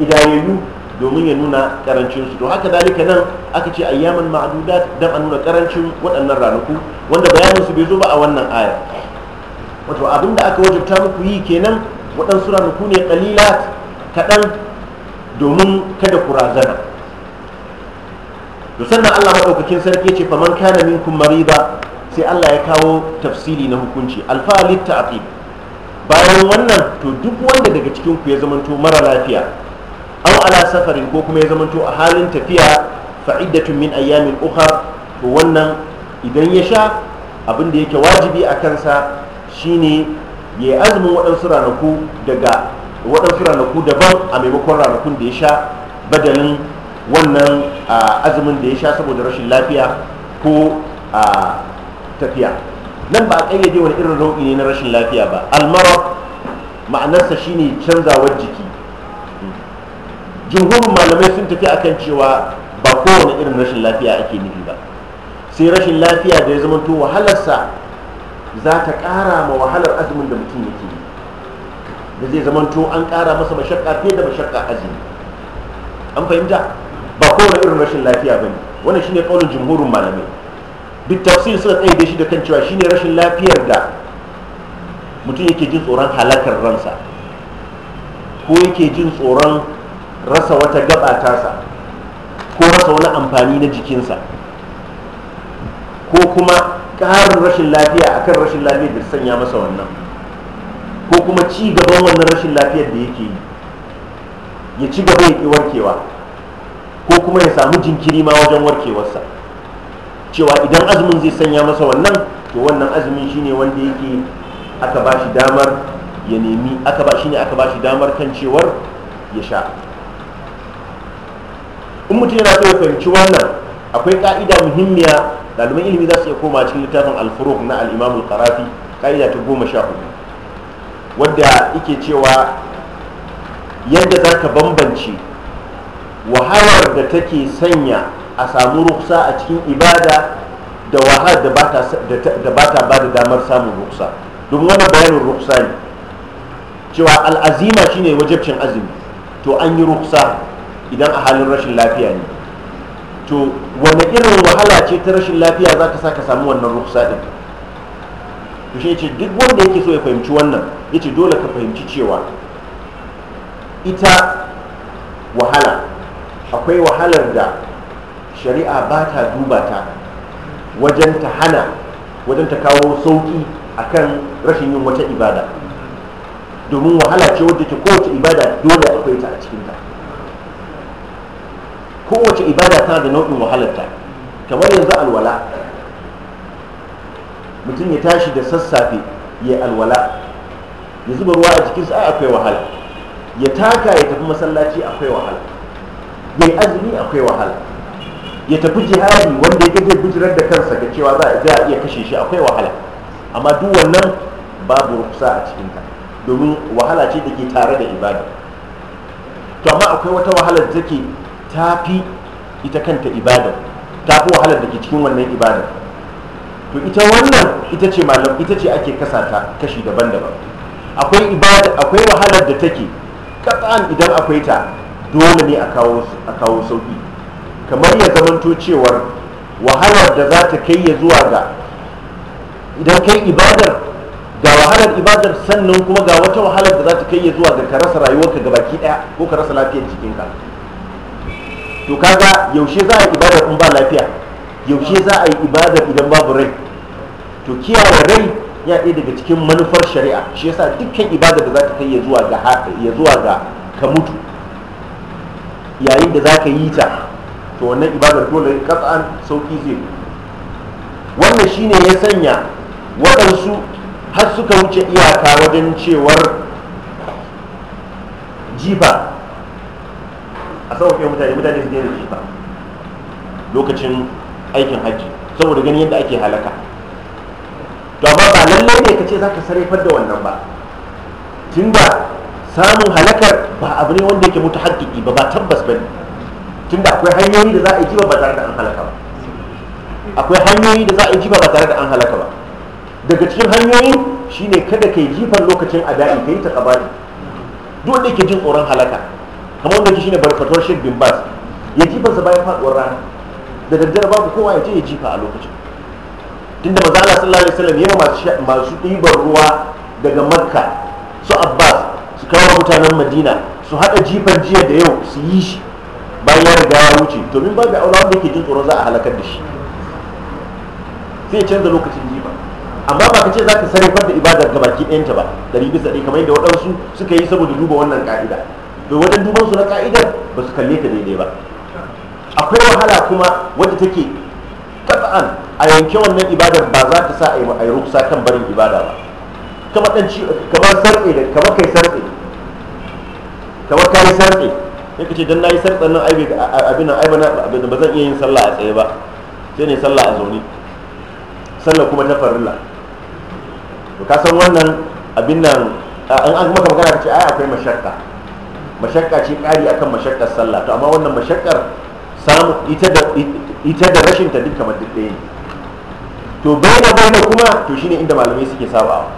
idayayyu domin ya nuna karancin su to haka dalika nan aka ce ayyaman ma'dudat dan a nuna karancin waɗannan ranaku wanda bayanin su bai zo ba a wannan aya wato abin da aka wajabta muku yi kenan waɗansu ranaku ne kalila kaɗan domin kada ku razana to sannan Allah maɗaukakin sarki ce faman kana minkum mariba sai Allah ya kawo tafsili na hukunci alfa lit bayan wannan to duk wanda daga cikin ku ya zamanto mara lafiya aw ala safarin ko kuma ya zamanto a halin tafiya fa'iddatun min ayyamin ukhar to wannan idan ya sha abin da yake wajibi a kansa shine ya azumin waɗansu ranaku daga waɗansu ranaku daban a maimakon ranakun da ya sha badalin wannan azumin da ya sha saboda rashin lafiya ko a tafiya nan ba a ƙayyade wani irin nau'i ne na rashin lafiya ba almarar ma'anarsa shine canzawar jiki jumhurin malamai sun tafi akan cewa ba kowane irin rashin lafiya ake nufi ba sai rashin lafiya da ya zama to wahalarsa za ta ƙara ma wahalar azumin da mutum yake yi da zai zama to an ƙara masa mashakka fiye da mashakka azumi an fahimta ba kowane irin rashin lafiya ba ne wannan shine ƙaunin jumhurin malamai duk tafsir suka tsaye da shi da kan cewa shine rashin lafiyar da mutum yake jin tsoron halakar ransa ko yake jin tsoron rasa wata gaba tasa ko rasa wani amfani na jikinsa ko kuma ƙarin rashin lafiya a kan rashin lafiyar da sanya masa wannan ko kuma ci gaban wannan rashin lafiyar da yake yi ya ci gaba ya ƙi warkewa ko kuma ya samu jinkiri ma wajen warkewarsa cewa idan azumin zai sanya masa wannan to wannan azumin shine wanda yake aka ba shi damar ya nemi aka ba shi ne aka ba shi damar kan cewar ya sha in mutum yana so fahimci wannan akwai ka'ida muhimmiya ɗaliban ilimi za su iya koma cikin littafin alfuruk na al'imamul karafi ka'ida ta goma sha hudu wadda ike cewa yadda za ka bambance wahalar da take sanya a samu ruksa a cikin ibada da wahalar da ba ta ba da damar samun ruksa domin wani bayanin ruksa ne cewa al'azima shine wajabcin azumi to an yi ruksa idan a halin rashin lafiya ne to wani irin wahala ce ta rashin lafiya za ka sa ka samu wannan ruksa ɗin to shi ce duk wanda yake so ya fahimci wannan ya ce dole ka fahimci cewa ita wahala akwai wahalar da shari'a ba ta duba ta wajen ta hana wajen ta kawo sauƙi akan rashin yin wata ibada domin wahala ce wadda ta kowace ibada dole akwai ta a cikinta kowace ibada tana da nau'in wahalarta kamar yanzu alwala mutum ya tashi da sassafe ya alwala ya zuba ruwa a jikinsa ai akwai wahala ya taka ya tafi masallaci akwai wahala ya yi azumi akwai wahala ya tafi jihadi wanda ya gaje bijirar da kansa ga cewa za a iya kashe shi akwai wahala amma duk wannan babu rufsa a cikinta domin wahala ce da ke tare da ibada to amma akwai wata wahalar da take ta fi ita kanta ibada ta fi wahalar da ke cikin wannan ibada to ita wannan ita ce malam ita ce ake kasa ta kashi daban-daban akwai ibada akwai wahalar da take katsan idan akwai ta dole ne a kawo sauki kamar ya zamanto cewar wahalar da za ta kai ya zuwa ga idan kai ibadar ga wahalar ibadar sannan kuma ga wata wahalar da za ta kai ya zuwa ga ka rasa rayuwarka gabaki daya ko ka rasa lafiyar jikinka to kaga yaushe za a yi ibadar in ba lafiya yaushe za a yi ibadar idan babu rai to kiyaye rai ya ɗaya daga cikin manufar shari'a shi yasa dukkan ibada da za ta kai ya zuwa ga ya zuwa ka mutu yayin da za ka yi ta to wannan ibadar dole kat'an sauki zai wannan shine ya sanya waɗansu har suka wuce iyaka wajen cewar jifa a sauƙaƙe mutane mutane su daina jifa lokacin aikin hajji saboda ganin yadda ake halaka to amma ba lallai ne ka ce za ka sarrafar da wannan ba tunda samun halakar ba abu ne wanda yake mutu haƙiƙi ba ba tabbas ba ne tunda akwai hanyoyi da za a yi jiba ba tare da an halaka ba akwai hanyoyi da za a yi jiba ba tare da an halaka ba daga cikin hanyoyi shine kada ka yi jifan lokacin ada'i ka yi ta kabari duk wanda yake jin tsoron halaka kamar wanda ne barkatuwar shek bin bas ya jifansa bayan faduwar rana da daddare babu kowa ya je ya jifa a lokacin tunda maza Allah sallallahu alaihi wasallam masu ɗibar ruwa daga makka su abbas su kawo mutanen madina su haɗa jifan jiya da yau su yi shi bayan ya riga ya wuce domin babu aula wanda yake jin tsoro za a halakar da shi sai canza lokacin jifa amma ba ka ce za ka sarrafa da ibadar gabaki ɗayanta ba ɗari bisa ɗari kamar yadda waɗansu suka yi saboda duba wannan ƙa'ida to wajen duban su na ka'idar ba su kalle ta daidai ba akwai wahala kuma wadda take taba'an a yanke wannan ibadar ba za ta sa a yi ruksa kan barin ibada ba kamar ci kamar sarƙe da kamar kai sarƙe kama kai sarƙe sai kace na nayi sarƙen nan aibe abin nan aibe na ba zan iya yin sallah a tsaye ba sai ne sallah a zaune sallah kuma ta farilla ka san wannan abin nan an an kana magana ce, ai akwai mashakka mashakka ce ƙari akan mashakkar sallah to amma wannan mashakkar samu ita da ita da rashin ta duk kamar duk ɗaya ne to bai na kuma to shine inda malamai suke sabawa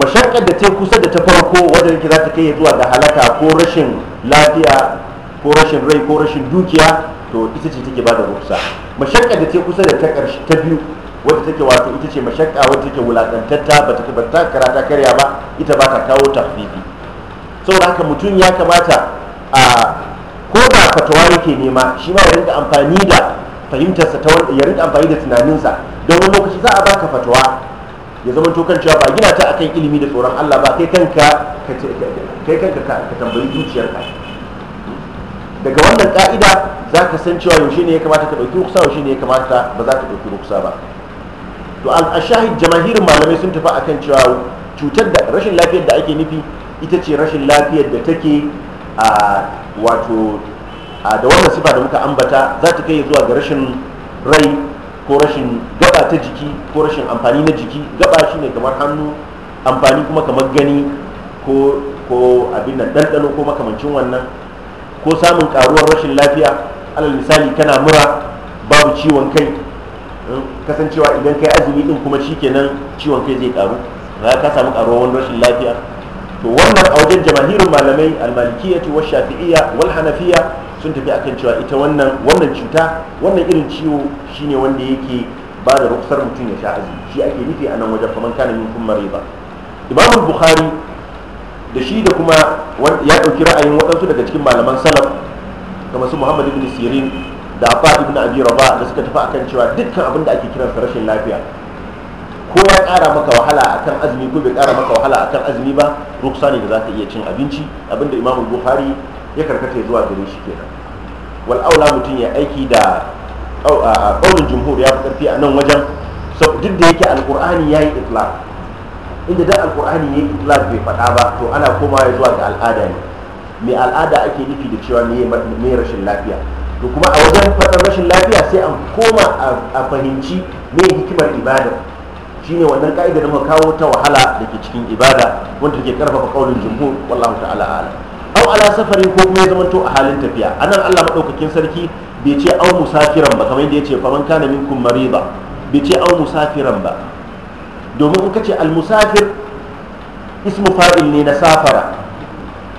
mashakkar da ta kusa da ta farko wadda yake za ta kai zuwa ga halaka ko rashin lafiya ko rashin rai ko rashin dukiya to ita ce take bada rufsa mashakkar da ta kusa da ta karshe ta biyu wadda take wato ita ce mashakka wadda take wulakantatta ba ta karata karya ba ita ba ta kawo tafifi saboda haka mutum ya kamata a ko da fatawa yake nema shi ma ya rinka amfani da fahimtarsa ta ya rinka amfani da tunaninsa don wani lokaci za a baka fatawa ya zama to cewa ba gina ta akan ilimi da tsoron Allah ba kai kanka kai kanka ka tambayi zuciyarka daga wannan ka'ida za ka san cewa yaushe ne ya kamata ka ɗauki ruksa yaushe ne ya kamata ba za ka ɗauki ruksa ba to al-ashahid jamahirin malamai sun tafi akan cewa cutar da rashin lafiyar da ake nufi ita ce rashin lafiyar da take a wato da wannan sifa da muka ambata za ta kai zuwa ga rashin rai ko rashin gaba ta jiki ko rashin amfani na jiki gaba shi ne kamar hannu amfani kuma kamar gani ko abin nan ɗanɗano ko makamancin wannan ko samun ƙaruwar rashin lafiya alal misali kana mura babu ciwon kai hmm, kasancewa idan kai azumi din kuma shi shikenan ciwon kai zai ƙaru ka samu ƙaruwar wani rashin lafiya to wannan a wajen jamahirin malamai almalikiya wa shafi'iya wal hanafiya sun tafi akan cewa ita wannan wannan cuta wannan irin ciwo shine wanda yake ba da rukusar mutum ya sha azumi shi ake nufi a nan wajen faman kana min kun ba. imamu bukhari da shi da kuma ya ɗauki ra'ayin waɗansu daga cikin malaman salaf kamar su muhammad ibn sirin da afa ibn abi raba da suka tafi akan cewa dukkan abin da ake kiransa rashin lafiya ko ya ƙara maka wahala akan azumi ko bai ƙara maka wahala akan azumi ba ruksa ne da za ka iya cin abinci abinda imam buhari ya karkata zuwa gare shi kenan wal aula mutum ya aiki da ƙaunin jumhur ya fi ƙarfi a nan wajen duk da yake alƙur'ani ya yi itlaq inda dan alkur'ani ya yi itlaq bai faɗa ba to ana koma ya zuwa ga al'ada ne mai al'ada ake nufi da cewa me rashin lafiya to kuma a wajen faɗar rashin lafiya sai an koma a fahimci mai hikimar ibada shine wannan ka'ida da muka kawo ta wahala da ke cikin ibada wanda take karfafa kaulin jumhur wallahu ta'ala ala. au ala safari ko kuma ya zamanto a halin tafiya anan Allah madaukakin sarki bai ce au musafiran ba kamar yadda ya ce man kana minkum marida bai ce au musafiran ba domin in kace al musafir ismu fa'il ne na safara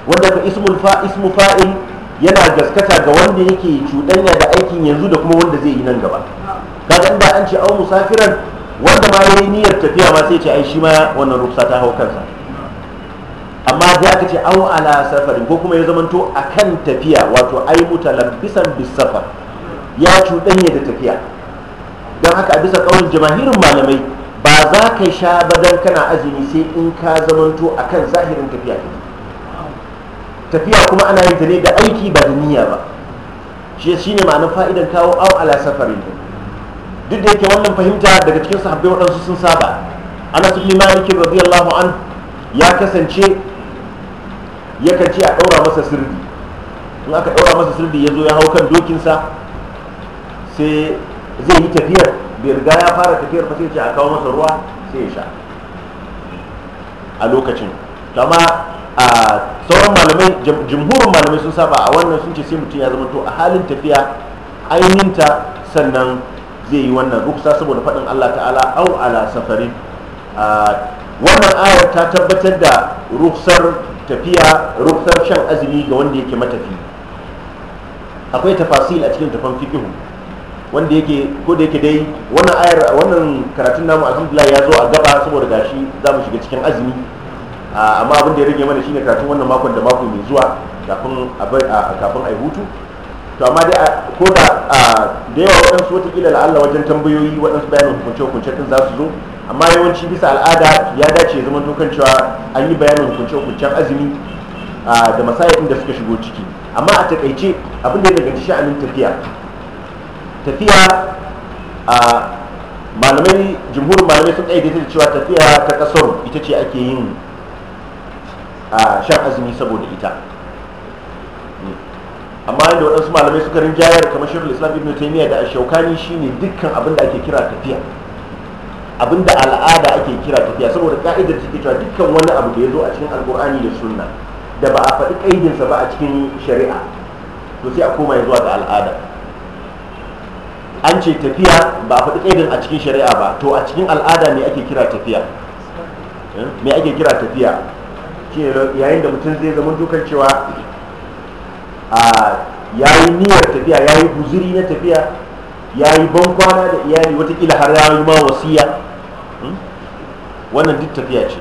wanda ka ismu fa'il yana gaskata ga wanda yake cuɗanya da aikin yanzu da kuma wanda zai yi nan gaba kaga inda an ce au musafiran wanda ma yi niyyar tafiya ma sai ce ai shi ma wannan ruksa ta hau kansa amma sai aka ce au ala safarin ko kuma ya zamanto kan tafiya wato ai mutalabbisan bisan bisafa ya cuɗanya da tafiya don haka a bisa ƙaunin jamahirin malamai ba za ka sha ba don kana azumi sai in ka zamanto a kan zahirin tafiya ta tafiya kuma ana yin ta ne da aiki ba da niyya ba shi ne ma'anar fa'idan kawo au ala safarin duk da yake wannan fahimta daga cikin sahabbai waɗansu sun saba anas ibn malik radiyallahu an ya kasance ya ce a ɗaura masa sirri in aka ɗaura masa sirri ya zo ya hau kan dokinsa sai zai yi tafiyar bai riga ya fara tafiyar ba sai ce a kawo masa ruwa sai ya sha a lokacin kama a sauran malamai jimhurin malamai sun saba a wannan sun ce sai mutum ya zama to a halin tafiya ainihinta sannan zai yi wannan ruksa saboda faɗin Allah ta'ala au ala safarin wannan ayar ta tabbatar da ruksar tafiya ruksar shan azumi ga wanda yake matafi akwai tafasil a cikin tafan fiqhu wanda yake ko da yake dai wannan ayar wannan karatun namu alhamdulillah ya zo a gaba saboda gashi za mu shiga cikin azumi amma abin da ya rage mana shine karatun wannan makon da mako mai zuwa kafin a kafin a hutu to amma dai ko da da yawa waɗansu kila la'alla wajen tambayoyi waɗansu bayanin hukunce hukunce ɗin za su zo amma yawanci bisa al'ada ya dace ya zama dokan cewa an yi bayanin hukunce hukuncen azumi da masayin da suka shigo ciki amma a takaice abin da ya danganci sha'anin tafiya tafiya a malamai jimhurin malamai sun ɗaya da cewa tafiya ta ƙasar ita ce ake yin shan azumi saboda ita amma yadda waɗansu malamai suka rinjayar kamar shirin islam ibn taimiyya da ashaukani shine dukkan abin da ake kira tafiya abin da al'ada ake kira tafiya saboda ka'idar cikin cewa dukkan wani abu da ya zo a cikin alkur'ani da sunna da ba a faɗi ƙaidinsa ba a cikin shari'a to sai a koma zuwa ga al'ada an ce tafiya ba a faɗi ƙaidin a cikin shari'a ba to a cikin al'ada me ake kira tafiya eh, me ake kira tafiya yayin da mutum zai zama dukan cewa ya yi niyyar tafiya ya yi guziri na tafiya ya yi bankwana da iyali watakila har ya yi ma wasiya hmm? wannan duk tafiya ce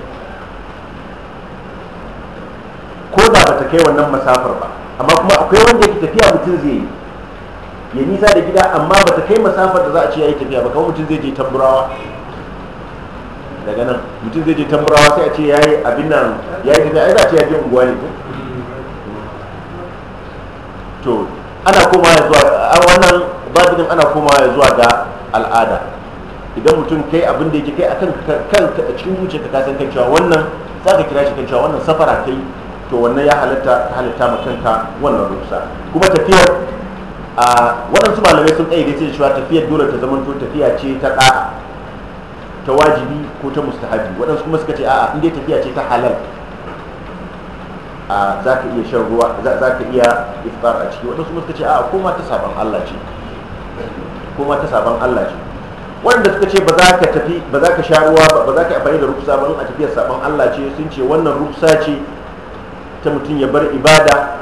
ko da ba ta kai wannan masafar ba amma kuma akwai wanda yake tafiya mutum zai yi ya nisa da gida amma ba ta kai masafar da za a ce ya yi tafiya ba kawai mutum zai je tamburawa daga nan mutum zai je tamburawa sai a ce ya yi abin nan ya yi tafiya ya za a ce ya je unguwa ne ko to ana komawa zuwa a wannan babinin ana komawa zuwa ga al'ada idan mutum kai abin da yake kai akan kan cikin wuce ka san kan cewa wannan za ka kira shi kan cewa wannan safara kai to wannan ya halatta ta halatta ma kanka wannan rusa kuma tafiyar a waɗansu malamai sun ƙayyade ce cewa tafiyar dole ta zama tafiya ce ta ɗa'a ta wajibi ko ta mustahabi waɗansu kuma suka ce a'a in dai tafiya ce ta halal za ka iya shan ruwa za ka iya iftar a ciki su suka ce a koma ta saban Allah ce kuma ta saban Allah ce wanda suka ce ba za ka tafi ba za ka sha ruwa ba ba za ka amfani da ruksa ba in a tafiyar saban Allah ce sun ce wannan ruksa ce ta mutum ya bar ibada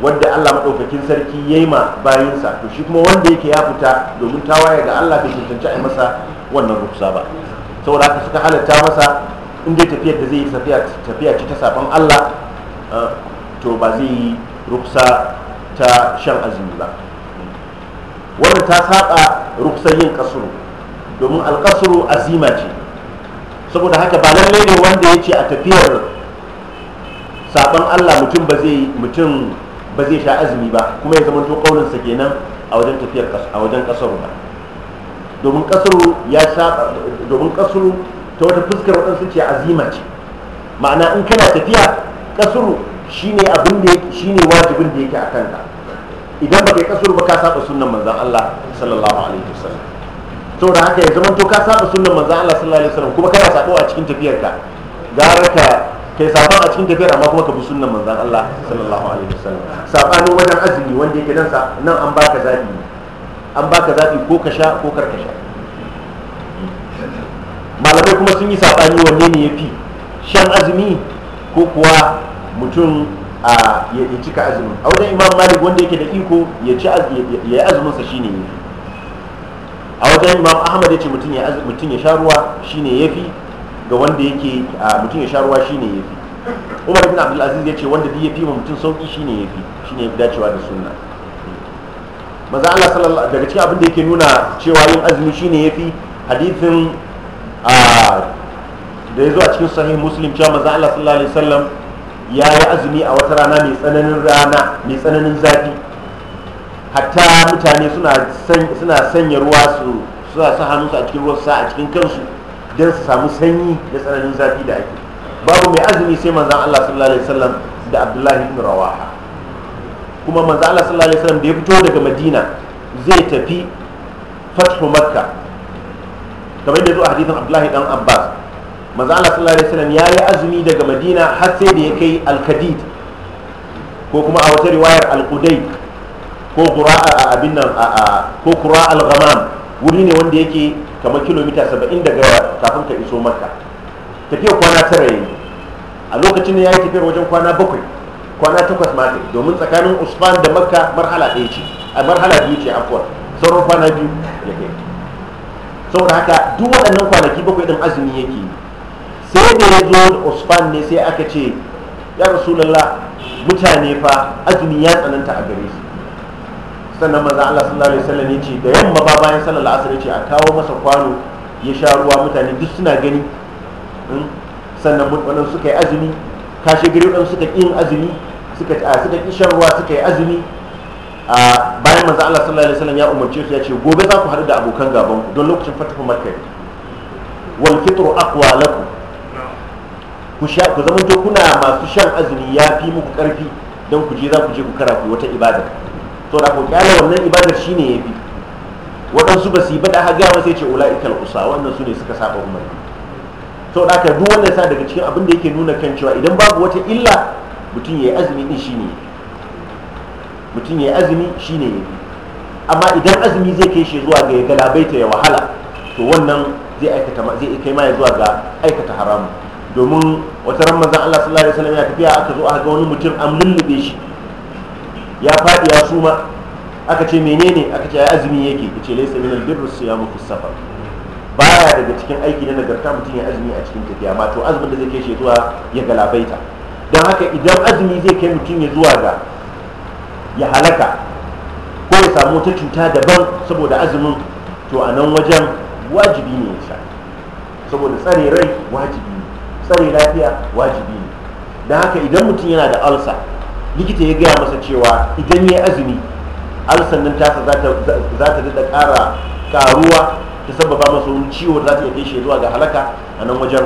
wadda Allah madaukakin sarki ya yi ma bayinsa to shi kuma wanda yake ya fita domin tawaye ga Allah bai cancanci a masa wannan ruksa ba saboda haka suka halatta masa in dai tafiyar da zai yi tafiya ce ta saban Allah Eh, to ba zai yi ruksa ta shan azumi ba wannan ta saba ruksar yin kasuru domin alkasuru azima ce saboda haka ba lallai ne wanda ya ce a tafiyar saban allah mutum ba zai mutum ba zai sha azumi ba kuma ya zama to sa kenan a wajen tafiyar a wajen kasuru ba domin kasuru ya saba domin kasuru ta wata fuskar wadansu ce azima ce ma'ana in kana tafiya kasuru shine abin da shine wajibin da yake akan ka idan ba yi kasuru ba ka saba sunnan manzon Allah sallallahu alaihi wasallam to da haka ya zama to ka saba sunnan manzon Allah sallallahu alaihi wasallam kuma kana sabo a cikin tafiyar ka gara ka kai saban a cikin tafiyar amma kuma ka bi sunnan manzon Allah sallallahu alaihi wasallam sabanin wajen azumi wanda yake nan nan an baka zabi an baka zabi ko ka sha ko kar ka sha malamai kuma sun yi sabani wanne ne yafi shan azumi ko kuwa mutum a ya cika azumin a wajen imam malik wanda yake da iko ya ci ya azumin sa shine yafi a wajen imam ahmad yace mutum ya mutum ya sharuwa shine yafi ga wanda yake mutum ya sharuwa shine yafi umar ibn abdul aziz yace wanda duk yafi mutum sauki shine yafi shine yafi dacewa da sunna maza Allah sallallahu daga cikin abin da yake nuna cewa yin azumi shine yafi hadithin a da ya zo a cikin sahih muslim cewa manzo Allah sallallahu alaihi wasallam ya yi azumi a wata rana mai tsananin rana mai tsananin zafi hatta mutane suna sanya ruwa su suna sa su a cikin ruwa sa a cikin kansu don su samu sanyi da tsananin zafi da ake babu mai azumi sai manzan Allah sallallahu alaihi wasallam da Abdullahi ibn Rawaha kuma manzan Allah sallallahu alaihi wasallam da ya fito daga Madina zai tafi fathu Makka kamar yadda zuwa a hadithin Abdullahi dan Abbas manzo Allah sallallahu alaihi wasallam yayi azumi daga Madina har sai da ya kai al-Kadid ko kuma a wata riwayar al-Qudai ko qura'a abin nan ko qura'a al-Ghamam wuri ne wanda yake kamar kilomita 70 daga kafin ka iso Makka tafiya kwana tara yayi a lokacin ne yayi tafiya wajen kwana bakwai kwana takwas ma domin tsakanin Usman da Makka marhala ɗaya ce a marhala biyu ce afwan sauran kwana biyu ya kai saboda haka duk waɗannan kwanaki bakwai ɗin azumi yake yi sai da ya zo usman ne sai aka ce ya rasulullah mutane fa azumi ya tsananta a gare su sannan maza Allah sallallahu alaihi wasallam ya ce da yamma ba bayan sallar asar ya ce a kawo masa kwano ya sha ruwa mutane duk suna gani hmm? sannan waɗansu suka yi azumi kashe gari wadanda suka yi azumi suka suka ƙi shan ruwa suka yi azumi a bayan maza Allah sallallahu alaihi wasallam ya umarce su ya ce gobe za ku haɗu da abokan gaban ku don lokacin fatafa makka wal fitru aqwa lakum ku sha ku zamanto kuna masu shan azumi ya fi muku karfi don ku je za ku je ku kara ku wata ibada to da ku kyala wannan ibadar shine ya fi waɗansu ba su yi bada haga ba sai ce ikal usa wannan su ne suka saba umarni to da ka duk wannan sa daga cikin abin da yake nuna kan cewa idan babu wata illa mutum ya yi azumi din shine mutum ya yi azumi shine ya fi amma idan azumi zai kai shi zuwa ga ya galabaita ya wahala to wannan zai aikata zai kai ma zuwa ga aikata haramun domin wata ran manzon Allah sallallahu alaihi wasallam ya tafiya aka zo aka ga wani mutum an lullube shi ya fadi ya suma aka ce menene aka ce ya azumi yake ce laysa min su siyamu fi safar baya daga cikin aiki na nagarta mutum ya azumi a cikin tafiya ba to azumin da zai kai shi zuwa ya galabaita don haka idan azumi zai kai mutum ya zuwa ga ya halaka ko ya samu wata cuta daban saboda azumin to a nan wajen wajibi ne ya sha saboda tsare rai wajibi tsare lafiya wajibi ne don haka idan mutum yana da alsa likita ya gaya masa cewa idan ya azumi alsan nan tasa za ta daɗa ƙara ƙaruwa ta sababa masa wani ciwo za ta iya kai shi zuwa ga halaka a nan wajen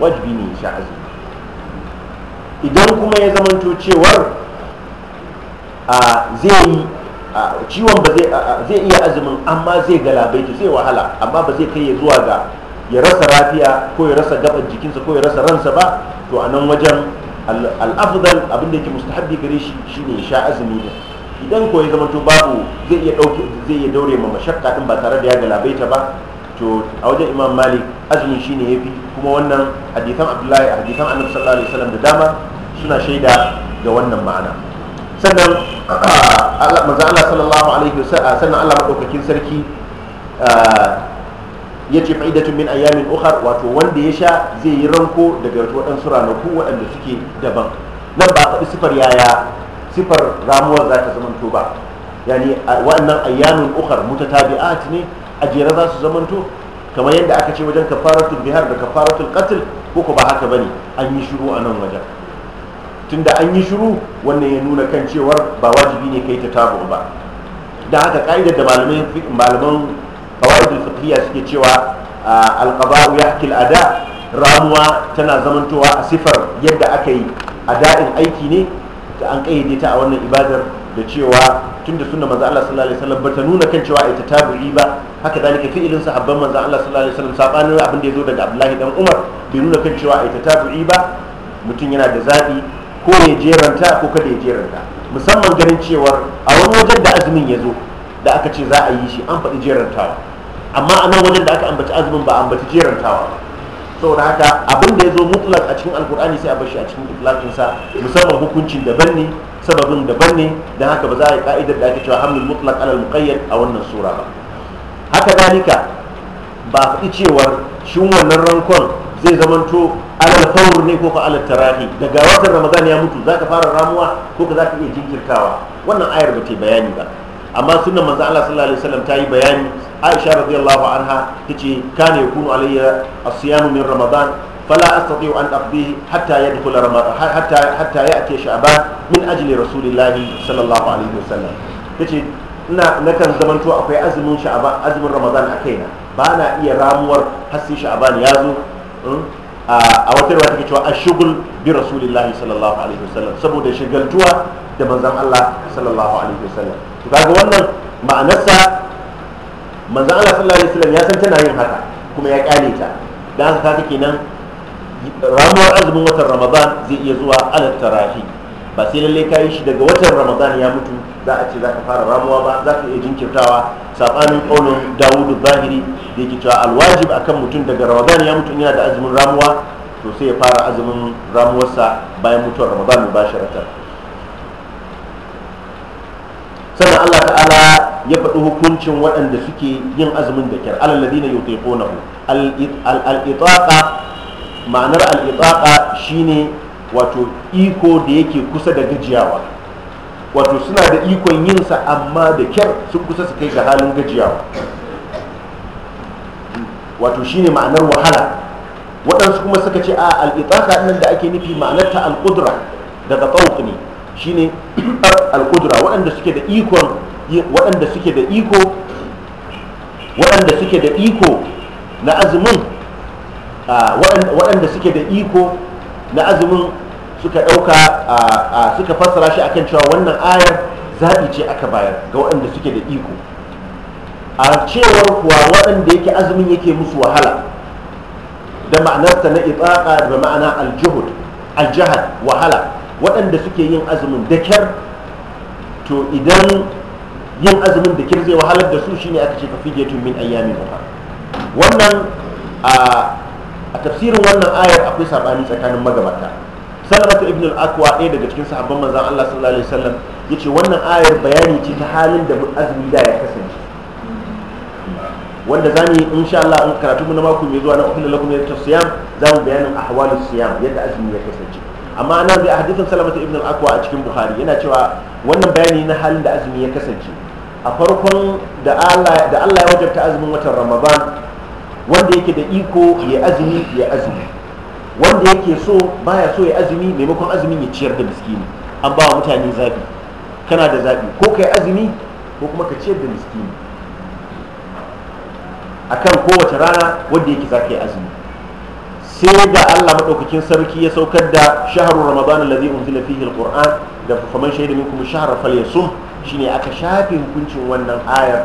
wajibi ne sha azumi idan kuma ya zamanto cewar zai yi ciwon ba zai iya azumin amma zai galabaita zai wahala amma ba zai kai ya zuwa ga ya rasa lafiya ko ya rasa gaban jikinsa ko ya rasa ransa ba to a nan wajen al'afdal abinda da yake mustahabbi gare shi shine ya sha azumi ne idan ko ya zamanto babu zai iya dauke zai iya daure ma mashakka din ba tare da ya galabaita ba to a wajen imam malik azumi shine fi kuma wannan hadithan abdullahi hadithan annabi sallallahu alaihi wasallam da dama suna shaida ga wannan ma'ana sannan manzo Allah sallallahu alaihi wasallam sannan Allah madaukakin sarki ah, ya ce fa'idatun min ayyamin ukhar wato wanda ya sha zai yi ranko daga waɗansu ranaku waɗanda suke daban nan ba faɗi sifar yaya sifar ramuwar za ta zamanto ba yani waɗannan ayyamin ukhar mutatabi'at ne a jere za su zamanto kamar yadda aka ce wajen kafaratul bihar da kafaratul qatl ko ko ba haka bane an yi shiru a nan wajen tunda an yi shiru wannan ya nuna kan cewar ba wajibi ne kai ta tabu ba da haka ka'idar da malaman qawaidul fiqhiyya suke cewa alqaba'u yahki ada ramuwa tana zamantowa a sifar yadda aka yi ada'in aiki ne da an kayyade ta a wannan ibadar da cewa tunda sunna manzo Allah sallallahu alaihi wasallam bata nuna kan cewa ita tabi'i ba haka zalika fi'ilin sahabban manzo Allah sallallahu alaihi wasallam sabanin abin da zo daga Abdullahi dan Umar bai nuna kan cewa ita tabi'i ba mutum yana da zabi ko ya jeranta ko kada ya jeranta musamman ganin cewar a wani wajen da azumin ya zo da aka ce za a yi shi an faɗi jerantawa amma a nan wajen da aka ambaci azumin ba ambaci jerantawa saboda haka abin da ya zo mutlak a cikin alkur'ani sai a bashi a cikin sa musamman hukuncin daban ne sababin daban ne don haka ba za a yi ka'idar da ake cewa hamlin mutlak alal muqayyad a wannan sura ba haka dalika ba faɗi cewar shin wannan rankon zai zamanto alal fawr ne ko ka alal tarahi daga watan ramadan ya mutu zaka fara ramuwa ko ka zaka iya jinkirtawa wannan ayar ba ta bayani ba amma sunan manzo Allah sallallahu alaihi wasallam ta yi bayani aisha radiyallahu anha tace kana yakunu alayya as min ramadan fala astati'u an aqdihi hatta yadkhul ramadan hatta hatta ya'ti sha'ban min ajli rasulillah sallallahu alaihi wasallam tace ina kan zamanto akwai azumin sha'ban azumin ramadan a kaina ba na iya ramuwar hasi sai sha'ban ya zo hmm? a wata rawa take cewa ashugul bi rasulillahi sallallahu alaihi wasallam saboda shigaltuwa da manzon Allah sallallahu alaihi wasallam to kaga wannan ma'anarsa manzan Allah sallallahu alaihi wasallam ya san tana yin haka kuma ya kyale ta dan haka take nan ramuwar azumin watan Ramadan zai iya zuwa alal tarahi ba sai lallai ka yi shi daga watan Ramadan ya mutu za a ce za ka fara ramuwa ba za ka iya jinkirtawa sabanin kaunin Dawudu Zahiri da yake cewa alwajib akan mutum daga Ramadan ya mutu yana da azumin ramuwa to sai ya fara azumin ramuwarsa bayan mutuwar Ramadan mubasharatan sannan Allah ta'ala ya faɗi hukuncin waɗanda suke yin azumin da kyar alalladina yutiqunahu al al'itaƙa ma'anar al'itaƙa shi ne wato iko da yake kusa da gajiyawa wato suna da ikon yin sa amma da kyar sun kusa su kai ga halin gajiyawa wato shi ne ma'anar wahala waɗansu kuma suka ce a al'itaƙa nan da ake nufi ma'anar ta al daga tawq ne shi ne al'udura waɗanda suke da ikon waɗanda suke da iko waɗanda suke da iko na azumin waɗanda suke da iko na azumin suka ɗauka suka fassara shi akan cewa wannan ayar zaɓi ce aka bayar ga waɗanda suke da iko a cewar kuwa waɗanda yake azumin yake musu wahala da ma'anarta na itsaka da ma'ana aljihud aljihad wahala waɗanda suke yin azumin da kyar to idan yin azumin da kirze wahalar da su shine aka ce fa fidiyatun min ayyamin ukhra wannan a tafsirin wannan ayar akwai sabani tsakanin magabata salamatu ibn al-aqwa ɗaya daga cikin sahabban manzon Allah sallallahu alaihi wasallam yace wannan ayar bayani ce ta halin da azumi da ya kasance wanda zamu yi insha Allah in karatu mu na mako mai zuwa na ukhla lakum ya za zamu bayanin ahwalus siyam yadda azumi ya kasance amma nan zai hadisin salamatu ibn al-aqwa a cikin bukhari yana cewa wannan bayani na halin da azumi ya kasance a farkon da Allah ya wajabta azumin watan ramadan wanda yake da iko ya azumi ya azumi wanda yake so baya so ya azumi maimakon azumin ya ciyar da miskini an ba wa mutane zaɓi kana da zaɓi ko ka yi azumi ko kuma ka ciyar da miskini akan kowace rana wanda yake za ka yi azumi sai da Allah maɗaukakin sarki ya saukar da shaharu ramadan alladhi unzila fihi alquran da faman shahida minkum shahra falyasum shine aka shafe hukuncin wannan ayar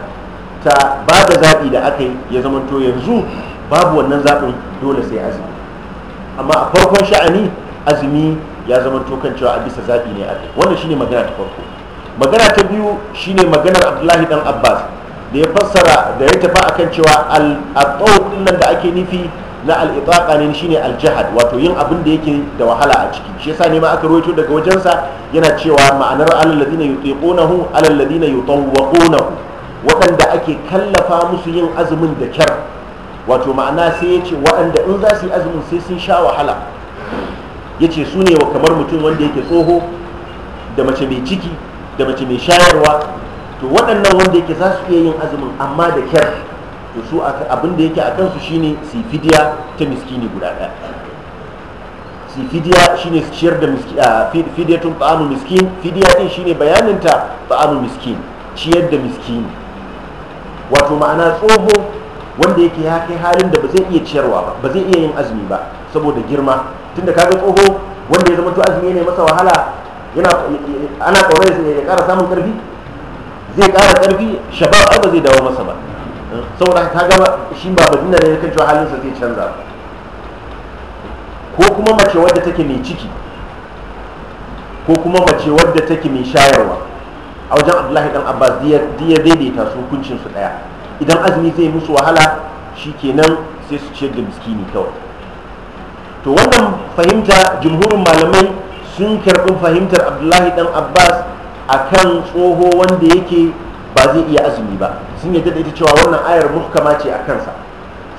ta ba da zaɓi da aka yi ya zamanto yanzu babu wannan zaɓin dole sai azumi amma a farkon sha'ani azumi ya zamanto kan cewa a bisa zaɓi ne aka wannan shine magana ta farko magana ta biyu shine maganar abdullahi dan abbas da ya fassara da ya tafi kan cewa al da ake nufi na al'itaka ne shine aljihad wato yin abin da yake da wahala a ciki shi yasa ne ma aka rawaito daga wajensa yana cewa ma'anar alal ladina yutiqunahu alal ladina yutawwaqunahu waɗanda ake kallafa musu yin azumin da kyar wato ma'ana sai ya ce waɗanda in za su yi azumin sai sun sha wahala ya ce su ne wa kamar mutum wanda yake tsoho da mace mai ciki da mace mai shayarwa to waɗannan wanda yake za su iya yin azumin amma da kyar to su abin da yake a kansu shine su fidiya ta miskini guda ɗaya su fidiya shine su ciyar da fidiyatun ba'amu miskin fidiya din shine bayaninta ba'amu miskin ciyar da miskini wato ma'ana tsoho wanda yake ya kai halin da ba zai iya ciyarwa ba ba zai iya yin azumi ba saboda girma tunda kaga tsoho wanda ya zama to azumi ne masa wahala yana ana tsoron ya kara samun ƙarfi zai ƙara ƙarfi shabab ba zai dawo masa ba saboda ta gama shi ba madina ne kan halin halinsa zai canza ko kuma mace wadda take mai ciki ko kuma mace wadda take mai shayarwa a wajen abdullahi dan abbas ya daidaita su hukuncin su daya idan azumi zai musu wahala shi kenan sai su ciyar da miskini kawai to wannan fahimta jumhurin malamai sun karɓi fahimtar abdullahi dan abbas akan tsoho wanda yake ba zai iya azumi ba sun yadda da ita cewa wannan ayar muhkama ce a kansa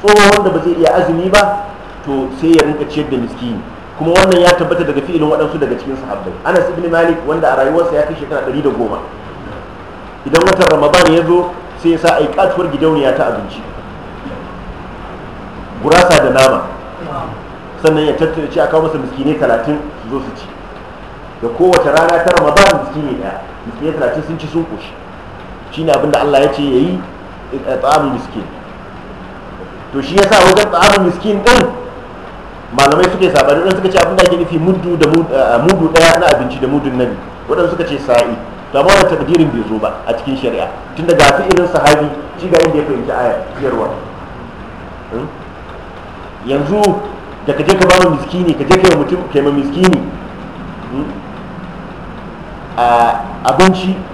tsohon wanda ba zai iya azumi ba to sai ya rinka ciyar da miskini kuma wannan ya tabbata daga fi'ilin waɗansu daga cikin sahabbai anas ibn malik wanda a rayuwarsa ya kai shekara ɗari da goma idan watan ramadan ya zo sai ya sa a yi katuwar gidauniya ta abinci gurasa da nama sannan ya tattara ci a kawo masa miskini talatin su zo su ci da kowace rana ta ramadan miskini ɗaya miskini talatin sun ci sun koshi shine abinda Allah ya ce ya yi eh, tsarin miskin to shi ya sa wajen tsarin miskin din malamai suke sabani ɗin suka ce abinda ake nufi eh, mudu da mudu daya na abinci da mudun nabi waɗanda suka ce sa'i to amma wannan takdirin bai zo ba a cikin shari'a tun da gafi irin sahabi shi ga inda ya fahimci a ciyarwa hmm? yanzu da ka je ka ba miskini ka je ka yi mutum ka yi miskini hmm, abinci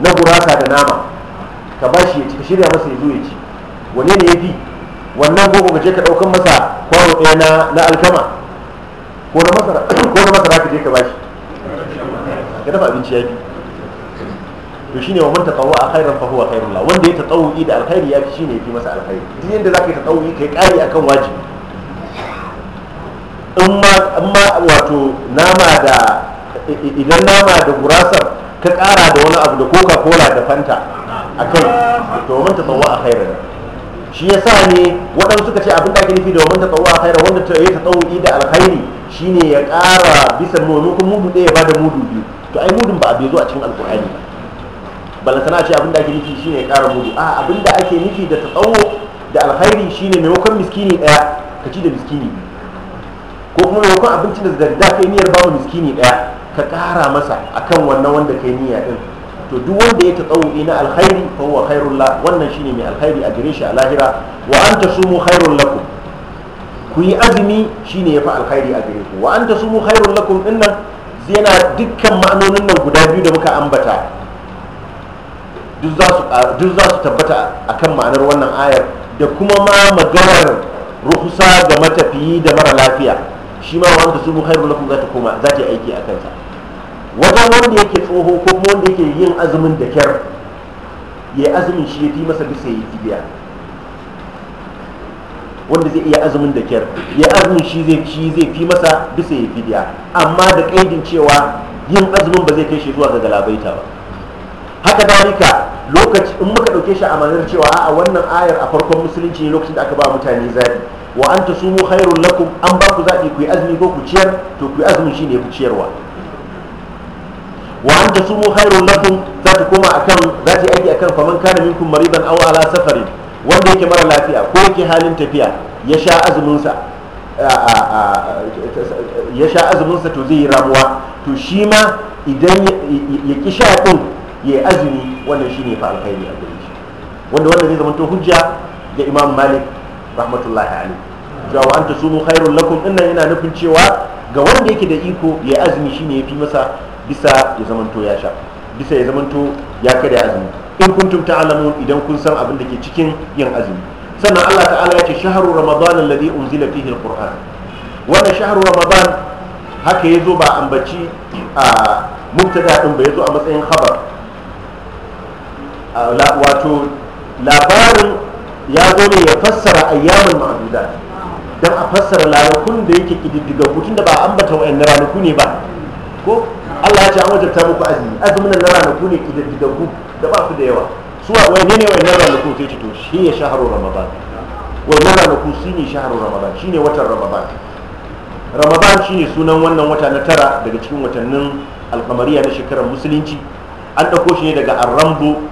na gurasa da nama ka ba shi ya ci ka shirya masa ya zo ya ci wane ne ya fi wannan ko ka je ka ɗaukan masa kwano ɗaya na na alkama ko na masara ko na masara ka je ka ba shi ka dafa abinci ya fi to shine wa manta tatawwa a khairan fa huwa khairul lahu wanda ya tatawwi da alkhairi ya fi shine ya fi masa alkhairi duk yanda zaka yi tatawwi kai kari akan wajibi in ma wato nama da idan nama da gurasar ka ƙara da wani abu da coca cola da fanta a kai domin ta tsawo a khairar shi ya sa ne waɗansu suka ce abin da ake nufi domin ta tsawo a khairar wanda ta yi ta tsawo da alkhairi shine ya ƙara bisa nono kuma mudu ɗaya ba da mudu biyu to ai mudun ba a bai zo a cikin alkur'ani ba balantana ce abin da ake nufi shine ya ƙara mudu a abin da ake nufi da ta tsawo da alkhairi shine maimakon miskini ɗaya ka ci da miskini biyu ko kuma maimakon abincin da da ka yi niyyar ba wa miskini ɗaya ka ƙara masa akan wannan wanda kai niyya din to duk wanda ya tatsawu'i na alkhairi fa huwa khairul la wannan shine mai alkhairi a gare shi a lahira wa an sumu khairul lakum ku yi azumi shine yafi alkhairi a gare ku wa an tasumu khairul lakum din nan yana dukkan ma'anonin nan guda biyu da muka ambata duk za su tabbata akan ma'anar wannan ayar da kuma ma maganar ruhusa ga matafiyi da mara lafiya shi ma wanda su bukhairu lakum za ta koma za ta yi aiki a kansa wajen wanda yake tsoho ko kuma wanda yake yin azumin da kyar ya azumin shi ya fi masa bisa ya fidiya wanda zai iya azumin da kyar ya azumin shi zai fi masa bisa ya fidya amma da kaidin cewa yin azumin ba zai kai shi zuwa ga galabaita ba haka dalika lokaci in muka ɗauke shi a manar cewa a wannan ayar a farkon musulunci ne lokacin da aka ba mutane zabi wa ta sumu khairul lakum an ba ku zaɓi ku yi azumi ko ku ciyar to ku yi azumin shi ne ku ciyarwa wa an tasumu khairul lakum za ta koma akan za ta aiki akan faman kana minkum maridan aw ala safari wanda yake mara lafiya ko yake halin tafiya ya sha azumin sa ya sha azumin sa to zai yi ramuwa to shi ma idan ya ki sha din ya azumi wannan shine fa alkhairi a gare shi wanda wannan zai zama to hujja ga imam malik rahmatullahi alaihi cewa an ta sumu khairun lakum din nan yana nufin cewa ga wanda yake da iko ya azumi shine fi masa bisa ya zamanto ya sha bisa ya zamanto ya kada azumi in kuntum ta'lamun idan kun san abin da ke cikin yin azumi sannan Allah ta'ala ya ce shahru ramadan alladhi unzila fihi alquran wannan shahru ramadan haka yazo ba ambaci a mubtada din ba yazo a matsayin khabar wato labarin ya zo ne ya fassara ayyamul maduda dan a fassara ranakun da yake kididdiga hutun da ba ambata wayannan ranaku ne ba ko Allah ya ce an wajabta muku azumi azumin nan ranaku ne kididdigaggu da ba ku da yawa su wane ne wannan ranaku sai ce to shi ya shaharu ramadan wannan ranaku ne shaharu ramadan shi ne watan ramadan ramadan shi ne sunan wannan wata na tara daga cikin watannin alkamariya na shekarar musulunci an ɗauko shi ne daga arrambo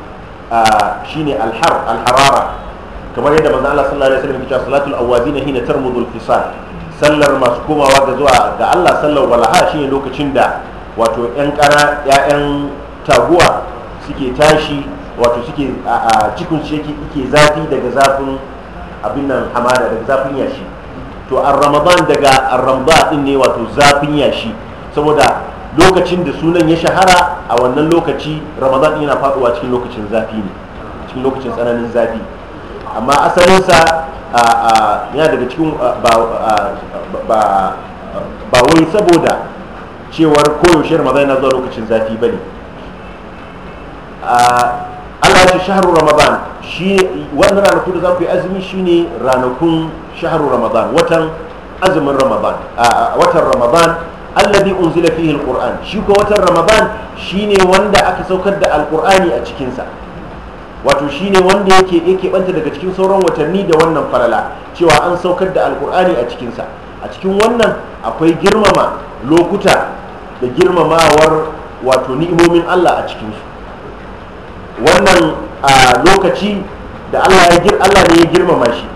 shine alhar alharara kamar yadda manzo Allah sallallahu alaihi wasallam ya ce salatul awazina hina tarmudul fisal sallar masu komawa ga zuwa ga Allah sallar walaha ne lokacin da wato 'yan kara 'ya'yan taguwa suke tashi wato suke a cikin shi yake zafi daga zafin abin nan hamada daga zafin yashi to a ramadan daga a ramadan din ne wato zafin yashi saboda lokacin da sunan ya shahara a wannan lokaci ramadan yana faduwa cikin lokacin zafi ne cikin lokacin tsananin zafi amma asalinsa yana daga cikin ba wai saboda cewar koyaushe ramadan yana zuwa lokacin zafi bane ah, Allah ce shaharu ramadan shi wannan ranaku da za ku yi azumi shi ne ranakun shaharu ramadan watan azumin ramadan ah, ah, watan ramadan allabi unzila fihi alquran shi ko watan ramadan shine wanda aka saukar da alqurani a cikin sa wato shine wanda yake yake banta daga cikin sauran watanni da wannan farala cewa an saukar da alqurani a cikin a cikin wannan akwai girmama lokuta da girmamawar wato ni'imomin Allah a cikinsu wannan a lokaci da Allah ya Allah ne ya girmama shi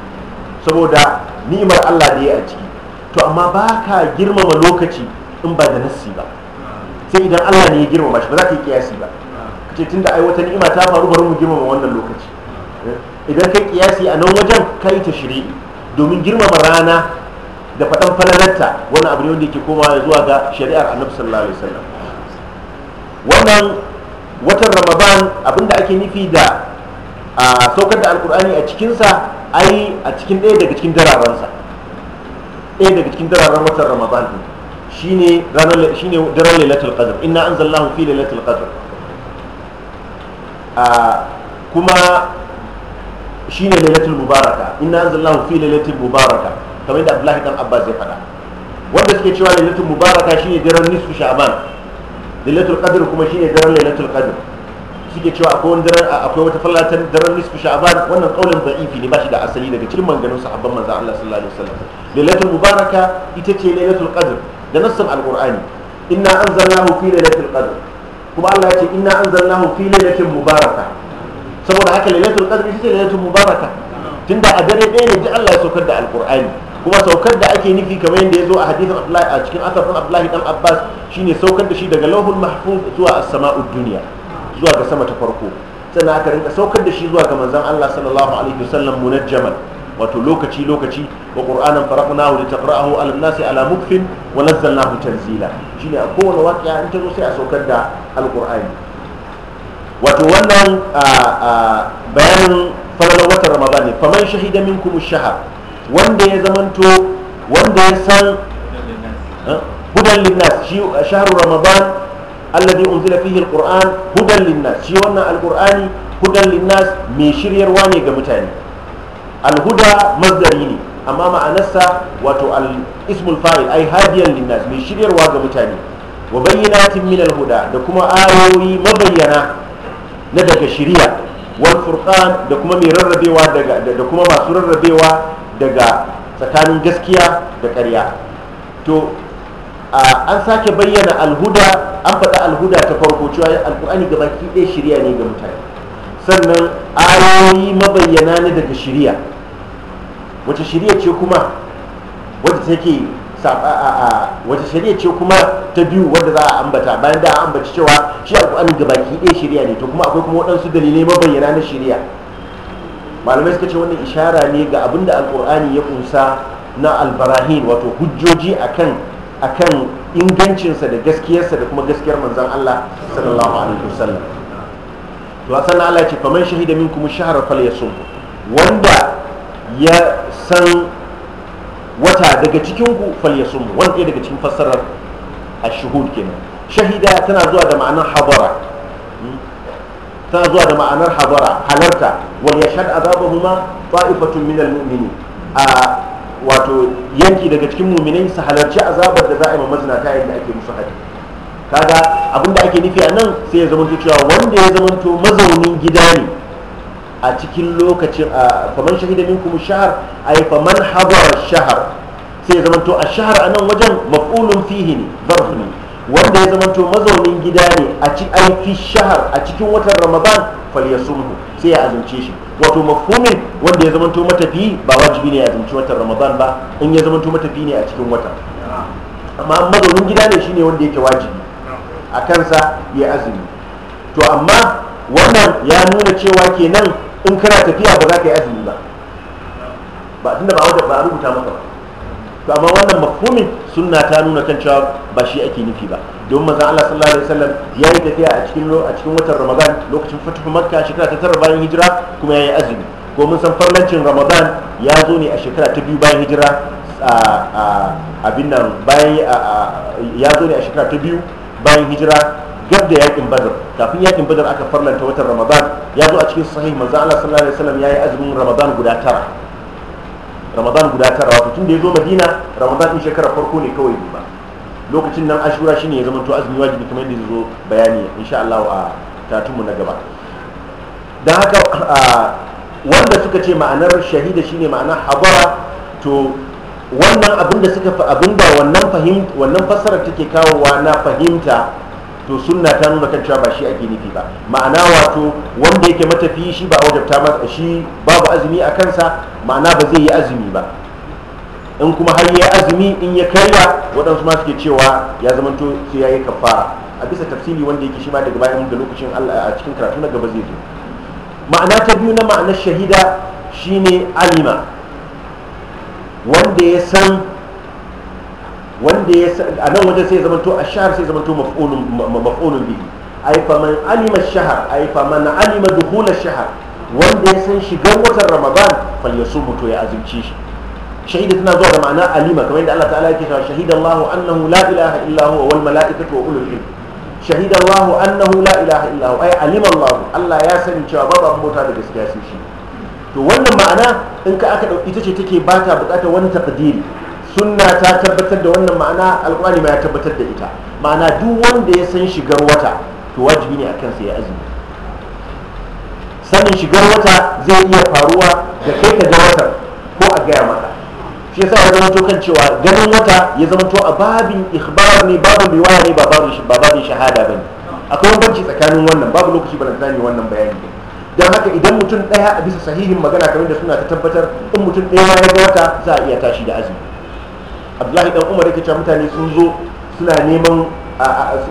saboda ni'imar Allah da ya a ciki to amma ba ka girmama lokaci in ba da nassi ba sai idan Allah ne ya girmama shi ba za ka yi kiyasi ba kace tunda ai wata ni'ima ta faru bari mu girmama wannan lokaci eh, idan ka kiyasi a nan wajen kai yi ta shiri domin girmama rana da faɗan falalarta wani abu ne wanda yake komawa zuwa ga shari'ar annabi sallallahu alaihi wasallam wannan watan ramadan abinda ake nufi da a saukar da alkur'ani a cikinsa ai a cikin ɗaya daga cikin dararensa ɗaya daga cikin dararen watan ramadan shine ranar shine daren lailatul qadr inna anzalnahu fi lailatul qadr kuma shine lailatul mubaraka inna anzalnahu fi lailatul mubaraka kamar da abdullahi dan abbas ya faɗa wanda suke cewa lailatul mubaraka shine daren nisfu sha'ban lailatul qadr kuma shine daren lailatul qadr suke cewa akwai wani daren akwai wata fallatar daren nisfu sha'ban wannan kaulin da'ifi ne ba shi da asali daga cikin manganun sahabban manzo Allah sallallahu alaihi wasallam lailatul mubaraka ita ce lailatul qadr da nassan alqur'ani inna anzalnahu fi lailatul qadr kuma Allah ya ce inna anzalnahu fi lailatin mubaraka saboda haka lailatul qadr ita ce lailatul mubaraka tunda a dare ɗaya ne ji Allah ya saukar da alqur'ani kuma saukar da ake nufi kamar yadda ya zo a hadisin abdullahi a cikin asafin abdullahi dan abbas shine saukar da shi daga lauhul mahfuz zuwa as-sama'ud duniya zuwa ga sama ta farko sannan aka rinka saukar da shi zuwa ga manzon Allah sallallahu alaihi wasallam munajjaman wato lokaci lokaci wa qur'anan faraqnahu litaqra'ahu 'ala nasi 'ala mukfin wa nazzalnahu tanzila shine a kowane waƙiya in ta zo sai a saukar da alqur'ani wato wannan bayanin falalar watan ramadan ne faman shahida minkum ash-shahr wanda ya zamanto wanda ya san eh, hudan linnas shi shahru ramadan alladhi unzila fihi alquran hudan linnas shi wannan alqurani hudan linnas mai shiryarwa ne ga mutane alhuda masdari ne amma ma'anarsa wato al ismul fa'il ai hadiyan linnas mai shiryarwa ga mutane wa bayyinatin min alhuda da kuma ayoyi mabayyana na daga shiriya wal furqan da kuma mai rarrabewa daga da kuma masu rarrabewa daga tsakanin gaskiya da ƙarya to an sake bayyana alhuda an faɗa alhuda ta farko cewa alƙur'ani gaba ki ɗaya shirya ne ga mutane sannan ayoyi mabayyana ne daga shirya wace shirya ce kuma wadda take wace shirya ce kuma ta biyu wadda za a ambata bayan da an ambaci cewa shi alƙur'ani gaba ki ɗaya shirya ne to kuma akwai kuma waɗansu dalilai mabayyana na shirya malamai suka ce wannan ishara ne ga abin da alkur'ani ya kunsa na albarahin wato hujjoji akan akan ingancinsa da gaskiyarsa da kuma gaskiyar manzon Allah sallallahu alaihi wasallam to sannan Allah ya ce faman shahida minkum shahra falyasum wanda ya san wata daga cikin ku falyasum wanda daga cikin fassarar ashuhud kenan shahida tana zuwa da ma'anar hadara ta zuwa da ma'anar hadara halarta wal yashhad azabahuma fa'ifatun min almu'minin a wato yanki daga cikin mu'minai su halarci azabar da za a yi mazinata yadda ake musu haji kaga abin da ake nufi a nan sai ya zamanto cewa wanda ya zamanto mazaunin gida ne a cikin lokacin a faman shahida minkum shahar ay faman hadara shahar sai ya zamanto a shahar a nan wajen maf'ulun fihi ne zarf ne wanda ya zama to mazaunin gida ne a ci aiki shahar a cikin watan ramadan falyasumhu sai ya azumce shi wato mafhumin wanda ya zama to matafi ba wajibi ne ya azumci watan ramadan ba in ya zama to matafi ne a cikin wata amma mazaunin gida ne shine wanda yake wajibi a kansa ya azumi to amma wannan ya nuna cewa kenan in kana tafiya ba za ka yi azumi ba ba tunda ba a rubuta maka ba to amma wannan mafhumin sunna ta nuna kan cewa ba shi ake nufi ba don maza Allah sallallahu alaihi wasallam ya yi tafiya a cikin a cikin watan Ramadan lokacin fatuhu Makka shekara ta tara bayan hijira kuma ya yi azumi ko mun san farlancin Ramadan ya zo ne a shekara ta biyu bayan hijira abin nan bayan ya zo ne a shekara ta biyu bayan hijira gab da yakin badar kafin yakin badar aka farlanta watan ramadan ya zo a cikin sahih manzo Allah sallallahu alaihi wasallam yi azumin ramadan guda tara ramadan guda tara wato tun da ya zo madina ramadan din shekara farko ne kawai ba lokacin nan ashura shine ya zama to azumi wajibi kamar yadda zai zo bayani insha Allah a tatunmu na gaba da haka wanda suka ce ma'anar shahida shine ma'anar habara to wannan abin da suka abin da wannan wannan fassarar take kawowa na fahimta to sunna ta nuna kan cewa ba shi ake nufi ba ma'ana wato wanda yake matafiyi shi ba wajabta masa shi babu azumi a kansa ma'ana ba zai yi azumi ba in kuma har ya azumi in ya karya waɗansu ma suke cewa ya zama to sai ya yi kafara a bisa tafsiri wanda yake shi ma daga bayan da lokacin allah a cikin karatu na gaba zai zo ma'ana ta biyu na ma'anar shahida shine alima wanda ya san wanda ya a nan wajen sai zama to ashar sai zama to maf'ulun maf'ulun bihi ai fa man alima ash-shahr ai fa man alima dukhul ash wanda ya san shigar watan ramadan Fal falyasum to ya azumci shi shahida tana zuwa da ma'ana alima kamar yadda Allah ta'ala yake cewa shahida Allahu annahu la ilaha illa huwa wal mala'ikatu wa ulul ilm shahida Allahu annahu la ilaha illa huwa ai alima Allahu Allah ya san cewa babu abin bauta da gaskiya shi to wannan ma'ana in ka aka dauki ita ce take bata bukatar wani taqdiri sunna ta tabbatar da wannan ma'ana alkurani ma ya tabbatar da ita ma'ana duk wanda ya san shigar wata to wajibi ne a sa ya azumi sanin shigar wata zai iya faruwa da kai ka ga watan ko a gaya maka shi yasa ya zama to kan cewa ganin wata ya zama to a babin ikhbar ne babin riwaya ne ba babin shahada bane akwai bambanci tsakanin wannan babu lokaci bana zani wannan bayani ne don haka idan mutum ɗaya a bisa sahihin magana kamar da suna ta tabbatar in mutum ɗaya ya ga wata za a iya tashi da azumi abdullahi dan umar yake cewa mutane sun zo suna neman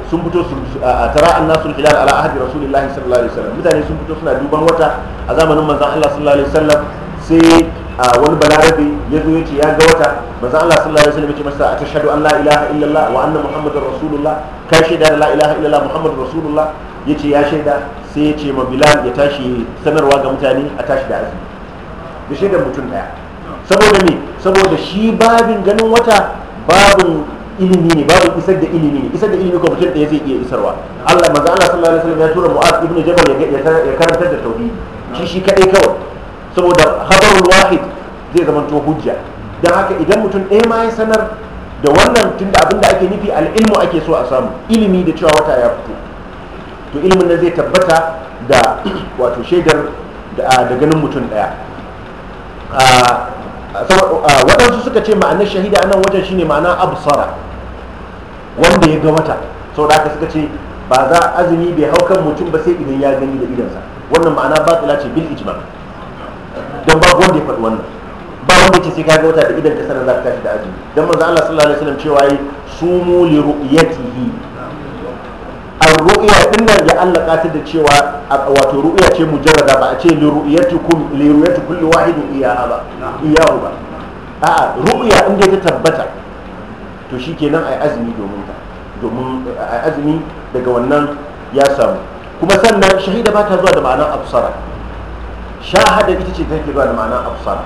sun fito su tara annasul hilal ala ahdi rasulillahi sallallahu alaihi wasallam mutane sun fito suna duban wata a zamanin manzon Allah sallallahu alaihi wasallam sai wani balarabe ya zo yace ya ga wata manzon Allah sallallahu alaihi wasallam ce masa a atashhadu an la ilaha illallah wa anna muhammadar rasulullah kai shaida da la ilaha illallah muhammadur rasulullah ce ya shaida sai ya ce ma bilal ya tashi sanarwa ga mutane a tashi da azumi da shaidar mutum daya saboda me saboda shi babin ganin wata babin ilimi ne babin isar da ilimi ne isar da ilimi ko mutum ɗaya zai iya isarwa Allah manzo Allah sallallahu alaihi ya tura Mu'az ibn Jabal ya karantar da tauhidi shi shi kadai kawai saboda habar wahid zai zama to hujja dan haka idan mutum ɗaya ma ya sanar da wannan tunda abin da ake nufi al'ilmu ake so a samu ilimi da cewa wata ya fito to ilimin nan zai tabbata da wato shaidar da ganin mutum ɗaya ah, waɗansu suka ce ma'anar shahida a nan wajen shine ma'ana absara wanda ya ga wata sau da aka suka ce ba za azumi bai hau kan mutum ba sai idan ya gani da idansa wannan ma'ana ba ce bil ijma don babu wanda ya faɗi wannan ba wanda ce sai ka ga wata da idan ka sanar za ka tashi da azumi don manzo Allah sallallahu alaihi wasallam cewa yi sumu li ru'yatihi ru'ya din nan ya allaka ta da cewa wato ru'ya ce mujarrada ba a ce li ru'yatikum li ru'yati kulli wahidin iyaha ba iyahu ba a'a ru'ya in dai ta tabbata to shikenan ai azumi domin ta domin ai azumi daga wannan ya samu kuma sannan shahida ba ta zuwa da ma'anar absara shahada ita ce take zuwa da ma'anar absara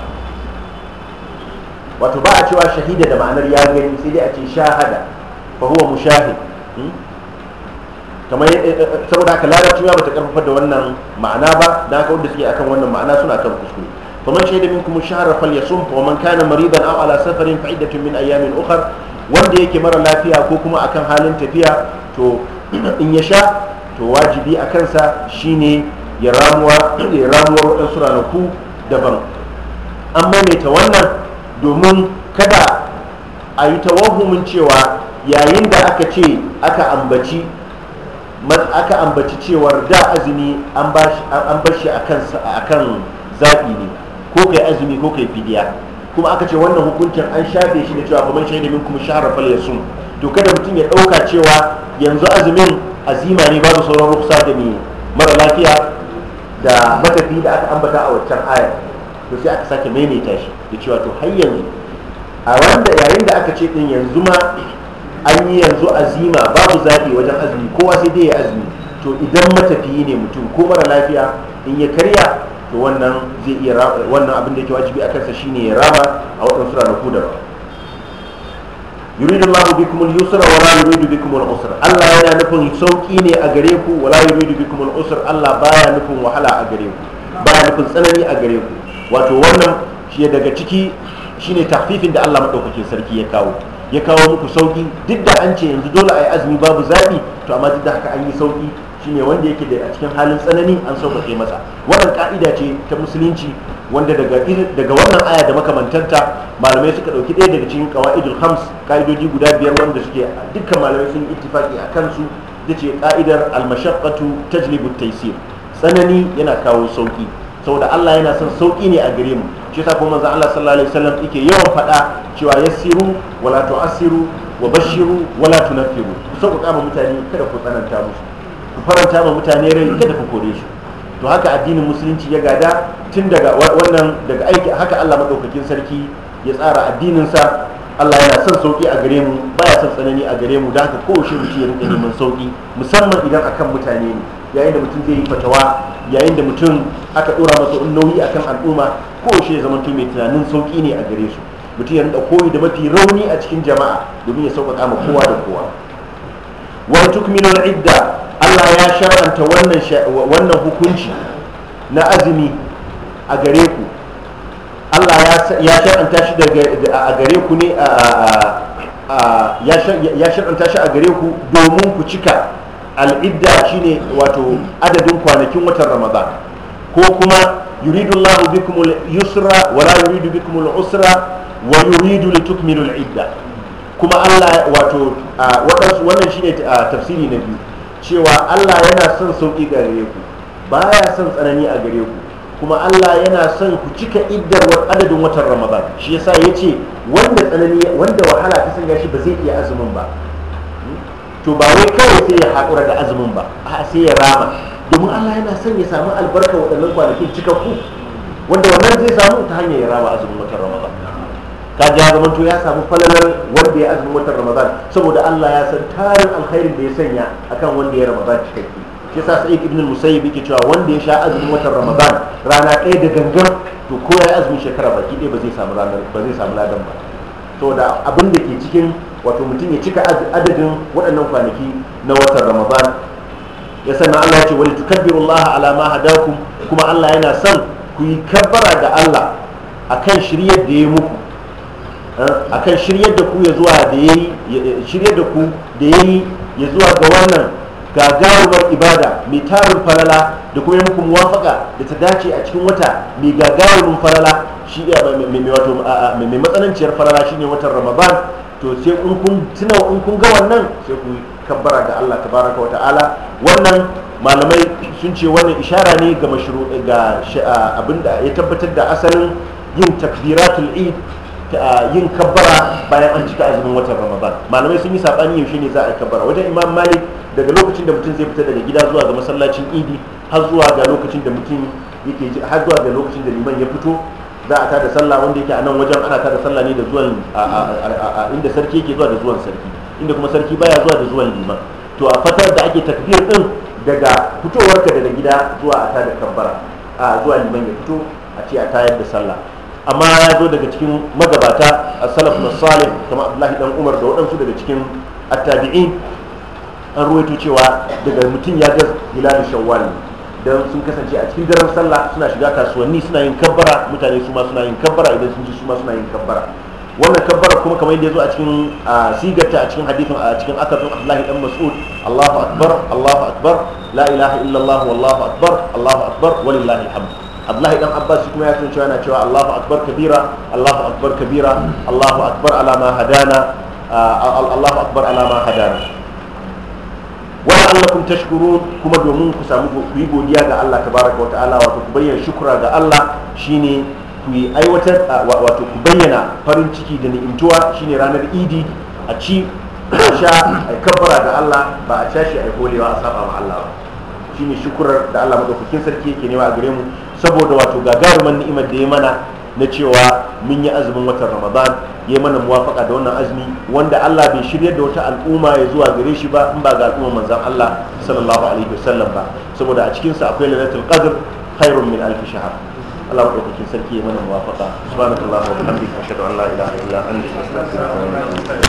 wato ba a cewa shahida da ma'anar ya gani sai dai a ce shahada fa huwa mushahid hmm? kamar eh, eh, eh, saboda haka larabci bata karfafa da wannan ma'ana ba da haka wanda suke akan wannan ma'ana suna kan kuskure faman shaida minkum ya falyasum wa man kana maridan aw ala safarin fa iddatun min ayamin ukhar wanda yake mara lafiya ko kuma akan halin tafiya to in ya sha to wajibi a kansa shine ya ramuwa ya ramuwar waɗansu ranaku daban an maimaita wannan domin kada a yi tawahumin cewa yayin da aka ce aka ambaci aka ambaci cewar da azumi an bashi a kan zaɓi ne ko kai azumi ko kai fidiya kuma aka ce wannan hukuncin an shafe shi da cewa kuma shi shaida min kuma shahara fal sun to kada mutum ya ɗauka cewa yanzu azumin azima ne babu sauran kusa da mai mara lafiya da matafi da aka ambata a waccan ayar to sai aka sake maimaita shi da cewa to har yanzu a wanda yayin da aka ce din yanzu ma an yi yanzu azima babu zaɓi wajen azumi kowa sai dai ya azumi to idan matafiyi ne mutum ko mara lafiya in ya karya to wannan zai iya wannan abin da ke wajibi a kansa shine ya rama a waɗansu ranaku da ba yuridu lahu bikum al-yusra wa la yuridu bikum al-usra Allah yana nufin sauki ne a gare ku wa la yuridu bikum al-usra Allah baya nufin wahala a gare ku baya nufin tsanani a gare ku wato wannan shi daga ciki shine tafifin da Allah madaukakin sarki ya kawo ya kawo muku sauki duk da an ce yanzu dole a yi azumi babu zaɓi to amma duk da haka an yi sauki shine wanda yake da a cikin halin tsanani an sauƙaƙe masa wannan ka'ida ce ta musulunci wanda daga daga wannan aya da makamantanta malamai suka ɗauki ɗaya daga cikin ƙawaidul hams ka'idoji guda biyar wanda suke dukkan malamai sun yi ittifaqi a kansu da ce ka'idar al-mashaqqatu tajlibu tsanani yana kawo sauƙi saboda Allah yana son sauki ne a gare mu shi ta kuma zan Allah sallallahu alaihi wasallam yake yawan faɗa cewa yassiru wala tu'assiru wa bashiru wala tunaffiru ku sauka kama mutane kada ku tsananta musu ku faranta ma mutane rai kada ku kore su to haka addinin musulunci ya gada tun daga wannan daga aiki haka Allah madaukakin sarki ya tsara addinin sa Allah yana son sauki a gare mu baya son tsanani a gare mu da haka kowace mutum ya rinka neman sauki musamman idan akan mutane ne yayin da mutum zai yi fatawa yayin da mutum aka dora masa nauyi akan al'umma ko shi ya zamanto mai tunanin sauƙi ne a gare su mutum ya rinka koyi da mafi rauni a cikin jama'a domin ya sauƙaƙa ma kowa da kowa wa tukmilul idda Allah ya shar'anta wannan hukunci na azumi a gare ku Allah ya shar'anta shi a gare ku ne ya shar'anta shi a gare ku domin ku cika al'idda shine wato adadin kwanakin watan ramadan ko kuma yuridu allahu bikum yusra wa la yuridu bikum usra wa yuridu litukmilu al'idda kuma allah wato waɗansu wannan shine tafsiri na biyu cewa allah yana son sauƙi gare ku baya son tsanani a gare ku kuma allah yana son ku cika iddar adadin watan ramadan shi yasa ya ce wanda wanda wahala ta sanya shi ba zai iya azumin ba to ba wai kawai sai ya haƙura da azumin ba a sai ya rama domin allah yana son ya samu albarka waɗannan kwanakin cikakku wanda wannan zai samu ta hanyar ya rama azumin watan ramadan ka ji ya zamanto ya samu falalar wanda ya azumin watan ramadan saboda allah ya san tarin alkhairin da ya sanya akan wanda ya ramadan cikakke shi sa sa'id ibn musayyib yake cewa wanda ya sha azumin watan ramadan rana ɗaya da gangan to ko ya azumin shekara baki ɗaya ba zai samu ladan ba to da abin da ke cikin wato mutum ya cika adadin waɗannan kwanaki na watan ramadan ya sanna allah ce wani tukabbirullaha allah ma hadakum kuma allah yana son ku yi kabbara ga allah akan shiryar da ya muku eh, kan shiryar da ku ya zuwa da ya da ya yi ya zuwa ga wannan gagarumar ibada mai tarin falala da kuma yankun muwafaka da ta dace a cikin wata mai gagarumin falala shi mai matsananciyar falala shine watan ramadan to sai kun tuna in kun ga wannan sai ku kabbara ga Allah tabaraka wata'ala wannan malamai sun ce wannan ishara ne ga mashru ga abinda ya tabbatar da asalin yin takbiratul eid yin kabbara bayan an cika azumin watan ramadan malamai sun yi saɓani yaushe ne za a kabbara wajen imam malik daga lokacin da mutum zai fita daga gida zuwa ga masallacin idi har zuwa ga lokacin da mutum yake har zuwa ga lokacin da liman ya fito za a tada sallah wanda yake a nan wajen ana tada sallah ne da zuwan inda sarki yake zuwa da zuwan sarki inda kuma sarki baya zuwa da zuwan liman to a fatar da ake takbir din daga fitowarka daga gida zuwa a tada kabbara a zuwa liman ya fito a ce a tayar da sallah amma ya zo daga cikin magabata a salaf na kamar abdullahi dan umar da waɗansu daga cikin attabi'in an ruwaito cewa daga mutum ya ga hilalin shawwal don sun kasance a cikin daren sallah suna shiga kasuwanni suna yin kabbara mutane su ma suna yin kabbara idan sun ji su ma suna yin kabbara wannan kabbara kuma kamar yadda ya zo a cikin sigarta a cikin hadithin a cikin akasin abdullahi dan mas'ud allahu akbar allahu akbar la ilaha illallah wallahu akbar allahu akbar walillahi alhamd abdullahi dan abbas kuma ya tuna cewa yana cewa allahu akbar kabira allahu akbar kabira allahu akbar ala hadana allahu akbar ala hadana wa la'allakum tashkurun kuma domin ku samu ku yi godiya ga Allah tabaraka wa ta'ala wato ku bayyana shukura ga Allah shine ku yi aiwatar wato ku bayyana farin ciki da ni'imtuwa shine ranar idi a ci a sha a kafara ga Allah ba a cashe a yi holewa a saba ma Allah ba shine shukurar da Allah madaukakin sarki yake nema a gare mu saboda wato gagaruman ni'imar da ya mana na cewa mun yi azumin watan ramadan ya mana muwafaka da wannan azumi wanda allah bai shirya da wata al'umma ya zuwa gare shi ba in ba ga al'umma manzan allah sallallahu alaihi wasallam ba saboda a cikinsa akwai lalatul qadr khairun min alfi shahar allah sarki ya mana muwafaka subhanallahi wa ashhadu an la ilaha illa anta astaghfiruka wa atubu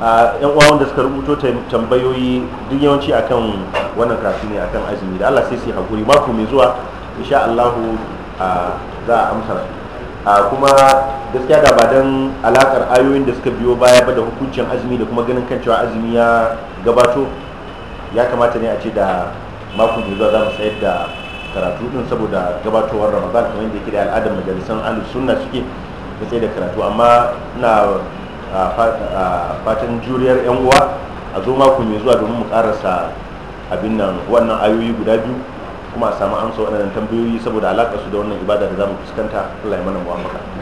a yan uwa wanda suka rubuto tambayoyi duk yawanci akan wannan karatu ne akan azumi da Allah sai su hakuri mako mai zuwa insha Allah za a amsa kuma gaskiya da ba dan alakar ayoyin da suka biyo baya ba da hukuncin azumi da kuma ganin kan cewa azumi ya gabato ya kamata ne a ce da mako mai zuwa za mu tsayar da karatu din saboda gabatowar Ramadan kamar yadda ke da al'adar majalisan Ahlus Sunna suke da da karatu amma ina fatan juriyar yan uwa a zo mako mai zuwa domin mu karasa abin nan wannan ayoyi guda biyu kuma a samu amsa waɗannan tambayoyi saboda alaƙa su da wannan ibada da za mu fuskanta Allah ya mana muwafaka